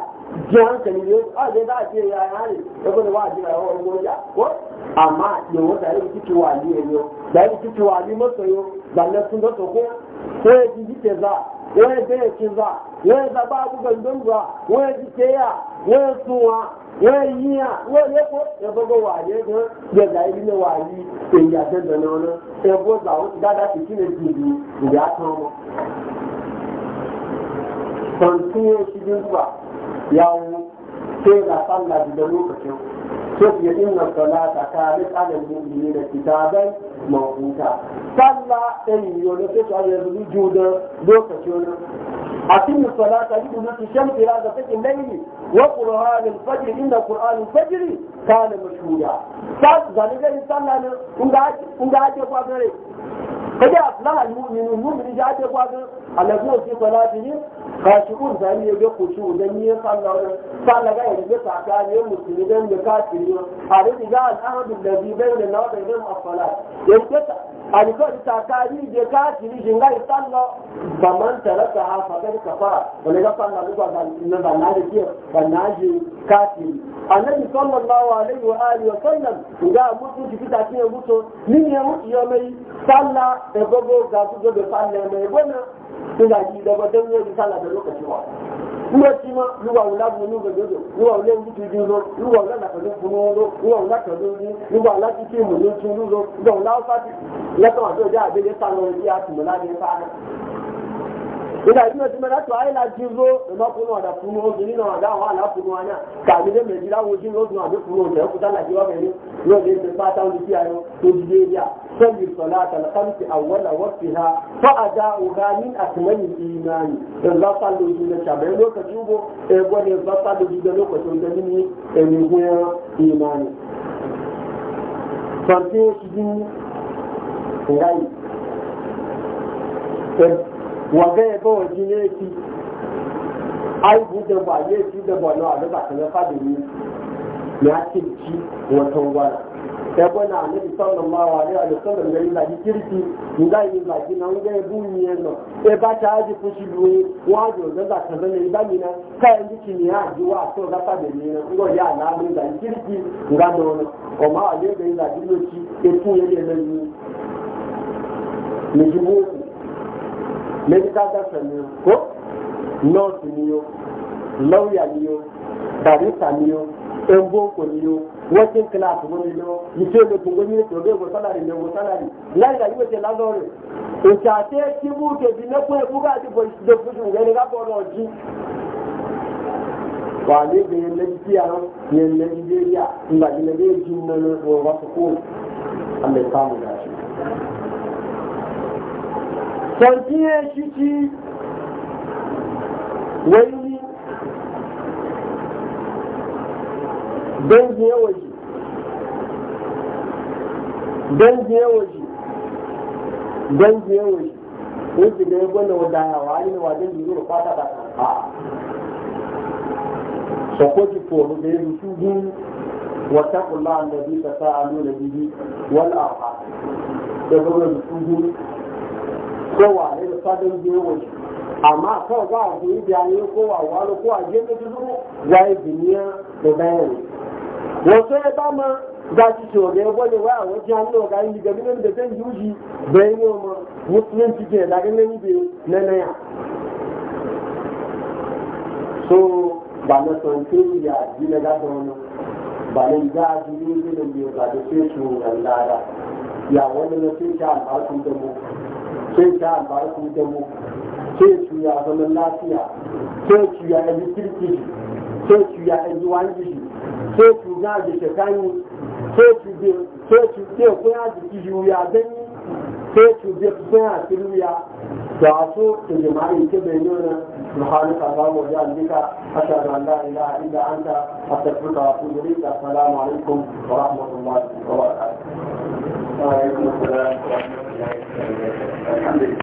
jẹ́ àtẹlẹ́ ìlàjì a bá ṣe ya yára ẹ̀gbọ́n wa àti ìyàwó ọgbọ́n yà kó àmọ́ ìyàwó dàrí títí wà ní ẹ̀yọ dàrí títí wà ní mọ́tò yọ gbàlẹ́ fún lọ́tọ̀ kó waya jijite za waya bayyaci za waya zaba abubuwan don za waya jike ya suwa waya yi ya waya leko ya bago waje ga yi ne wayi in ya san da nan ya bo za wani dada ki kine jibi ya tomo kan tuwo shi dinsa yawo sai ga sallah da lokacin sai ya inna salata ta rika da mu'mini da kitaban mabuta. salla ta yi ne sai ta yi yanzu juda lokaci wani a cikin salata yi kuma su shan fira da sakin laili wa qur'anul fajr inna qur'anul fajr kana mashhuda sai zaligai salla ne kun ga in ga ake kwagare kaje aflahal mu'minun mu'mini ja ake kwagare alladhi fi salatihim kashirun da ne ga kucu da ni ya sallah da sallah ga yi ta ka ne musulmi dan da kafiri a rubi ga da bi bai da nawa da yin afala yanzu ta alkawari ta ka ni da kafiri shin ga sallah ba man taraka ha fa kai kafa wani ga sallah duka da na da na da kiyar na ji kafiri annabi sallallahu alaihi wa alihi wa sallam ga mutu ji ta ce mutu ni ne mutu yo mai sallah da gogo ga su da sallah mai gona suna ji da wajen yin sallah da lokaci ba ruwa ci ma ruwa wula bunu ga dodo ruwa wula wuce ji zo ruwa wula na kazo bunu zo ruwa wula kazo ji ruwa wula ci ce mu zo ci zo ruwa wula fati ya kama zo da abin ya sa na wani ya su mula ne fa'a ina yi wata mara to ayi lati zo ma kunu ada kunu o ni na ada wa la kunu ana ka mi de mejira wo jin lo tun abi kunu o je ku dala ji wa be ni lo de se pa ta o ti ayo to ji ya salli salata al khams awwala waqtiha fa ada'uha min akmali imani dan e za ta lo ji na ta be lo ka jubo e go ne za fa lo ji da lo ko to ni ni e ni ku ya imani santi o ji ngai e wọ̀gẹ́ ẹgbẹ́ òjì ní èkì àìbù dẹ̀bọ̀ àyè èkì dẹ̀bọ̀ náà àdọ́gbà tẹ̀lẹ́ fàdé ní ní àkèjì wọ́n tó ń wára ẹgbẹ́ náà níbi sọ́nà máa wà ní nga sọ́nà ní ẹ̀yìn ìlàjì kíríkì nígbà yìí ìlàjì náà ń gbé ebú yìí ẹ̀ nà ẹ bá ṣe ájì lu wọn àjò ní ìgbà yìí náà káyọ̀ ní àjò wà tó ọ̀gá ń gbọ̀dọ̀ ìlàjì medical doctor ni o ko nurse ni o lawyer ni o barista ni o emboko ni o working class wo ni o yìí tí o lè fún gómìnà tó lè wo sálárì lè wo sálárì láì láì wọ́n ti lálọ́rẹ̀ òṣàṣe kíbú tèbi lẹ́kùn ẹ̀kú káàdì bò ìṣòro fúnṣù ẹni ká bọ̀ náà jí. wà á lè gbìyànjú lẹ́yìn tí a yẹn lẹ́yìn lẹ́yìn yà ńgbà lẹ́yìn jù mọ́ lọ́wọ́ kwantiye shi ci wani dangi ya waje dangi ya waje dangi ya waje ko da yabo na wada ya wani na wajen da zuwa fata da a sokoji foro da yanzu su gun واتقوا الله wani تساءلون به والأرحام يقولون سجود kowa ne da sadon jewo amma kawai za a koyi bayanai kowa wani kowa gefe da zuru ya yi duniya da bayani wasu ya ba ma za su ce wani ya gwada a wajen hannu ga yi ga minan da zan yuji bayan yau ma musulunci ke da ganin ibe na naya so ba na sauke ya ji na gada wani ba na ga ji ne zai da biyu ba da sai su ya wani na sai ta albarkun da mu sai ta albarkun damo sai su ya zaman lafiya sai su ya yi kirki sai su ya yi wangi sai su ga da shekani sai su ke sai su ke koya da kiji ya gani sai su ke koya da ya da so ta jama'i ke bai nuna سبحانك اللهم وبحمدك أشهد أن لا إله إلا أنت أستغفرك وأتوب إليك السلام عليكم ورحمة wa وبركاته 完璧。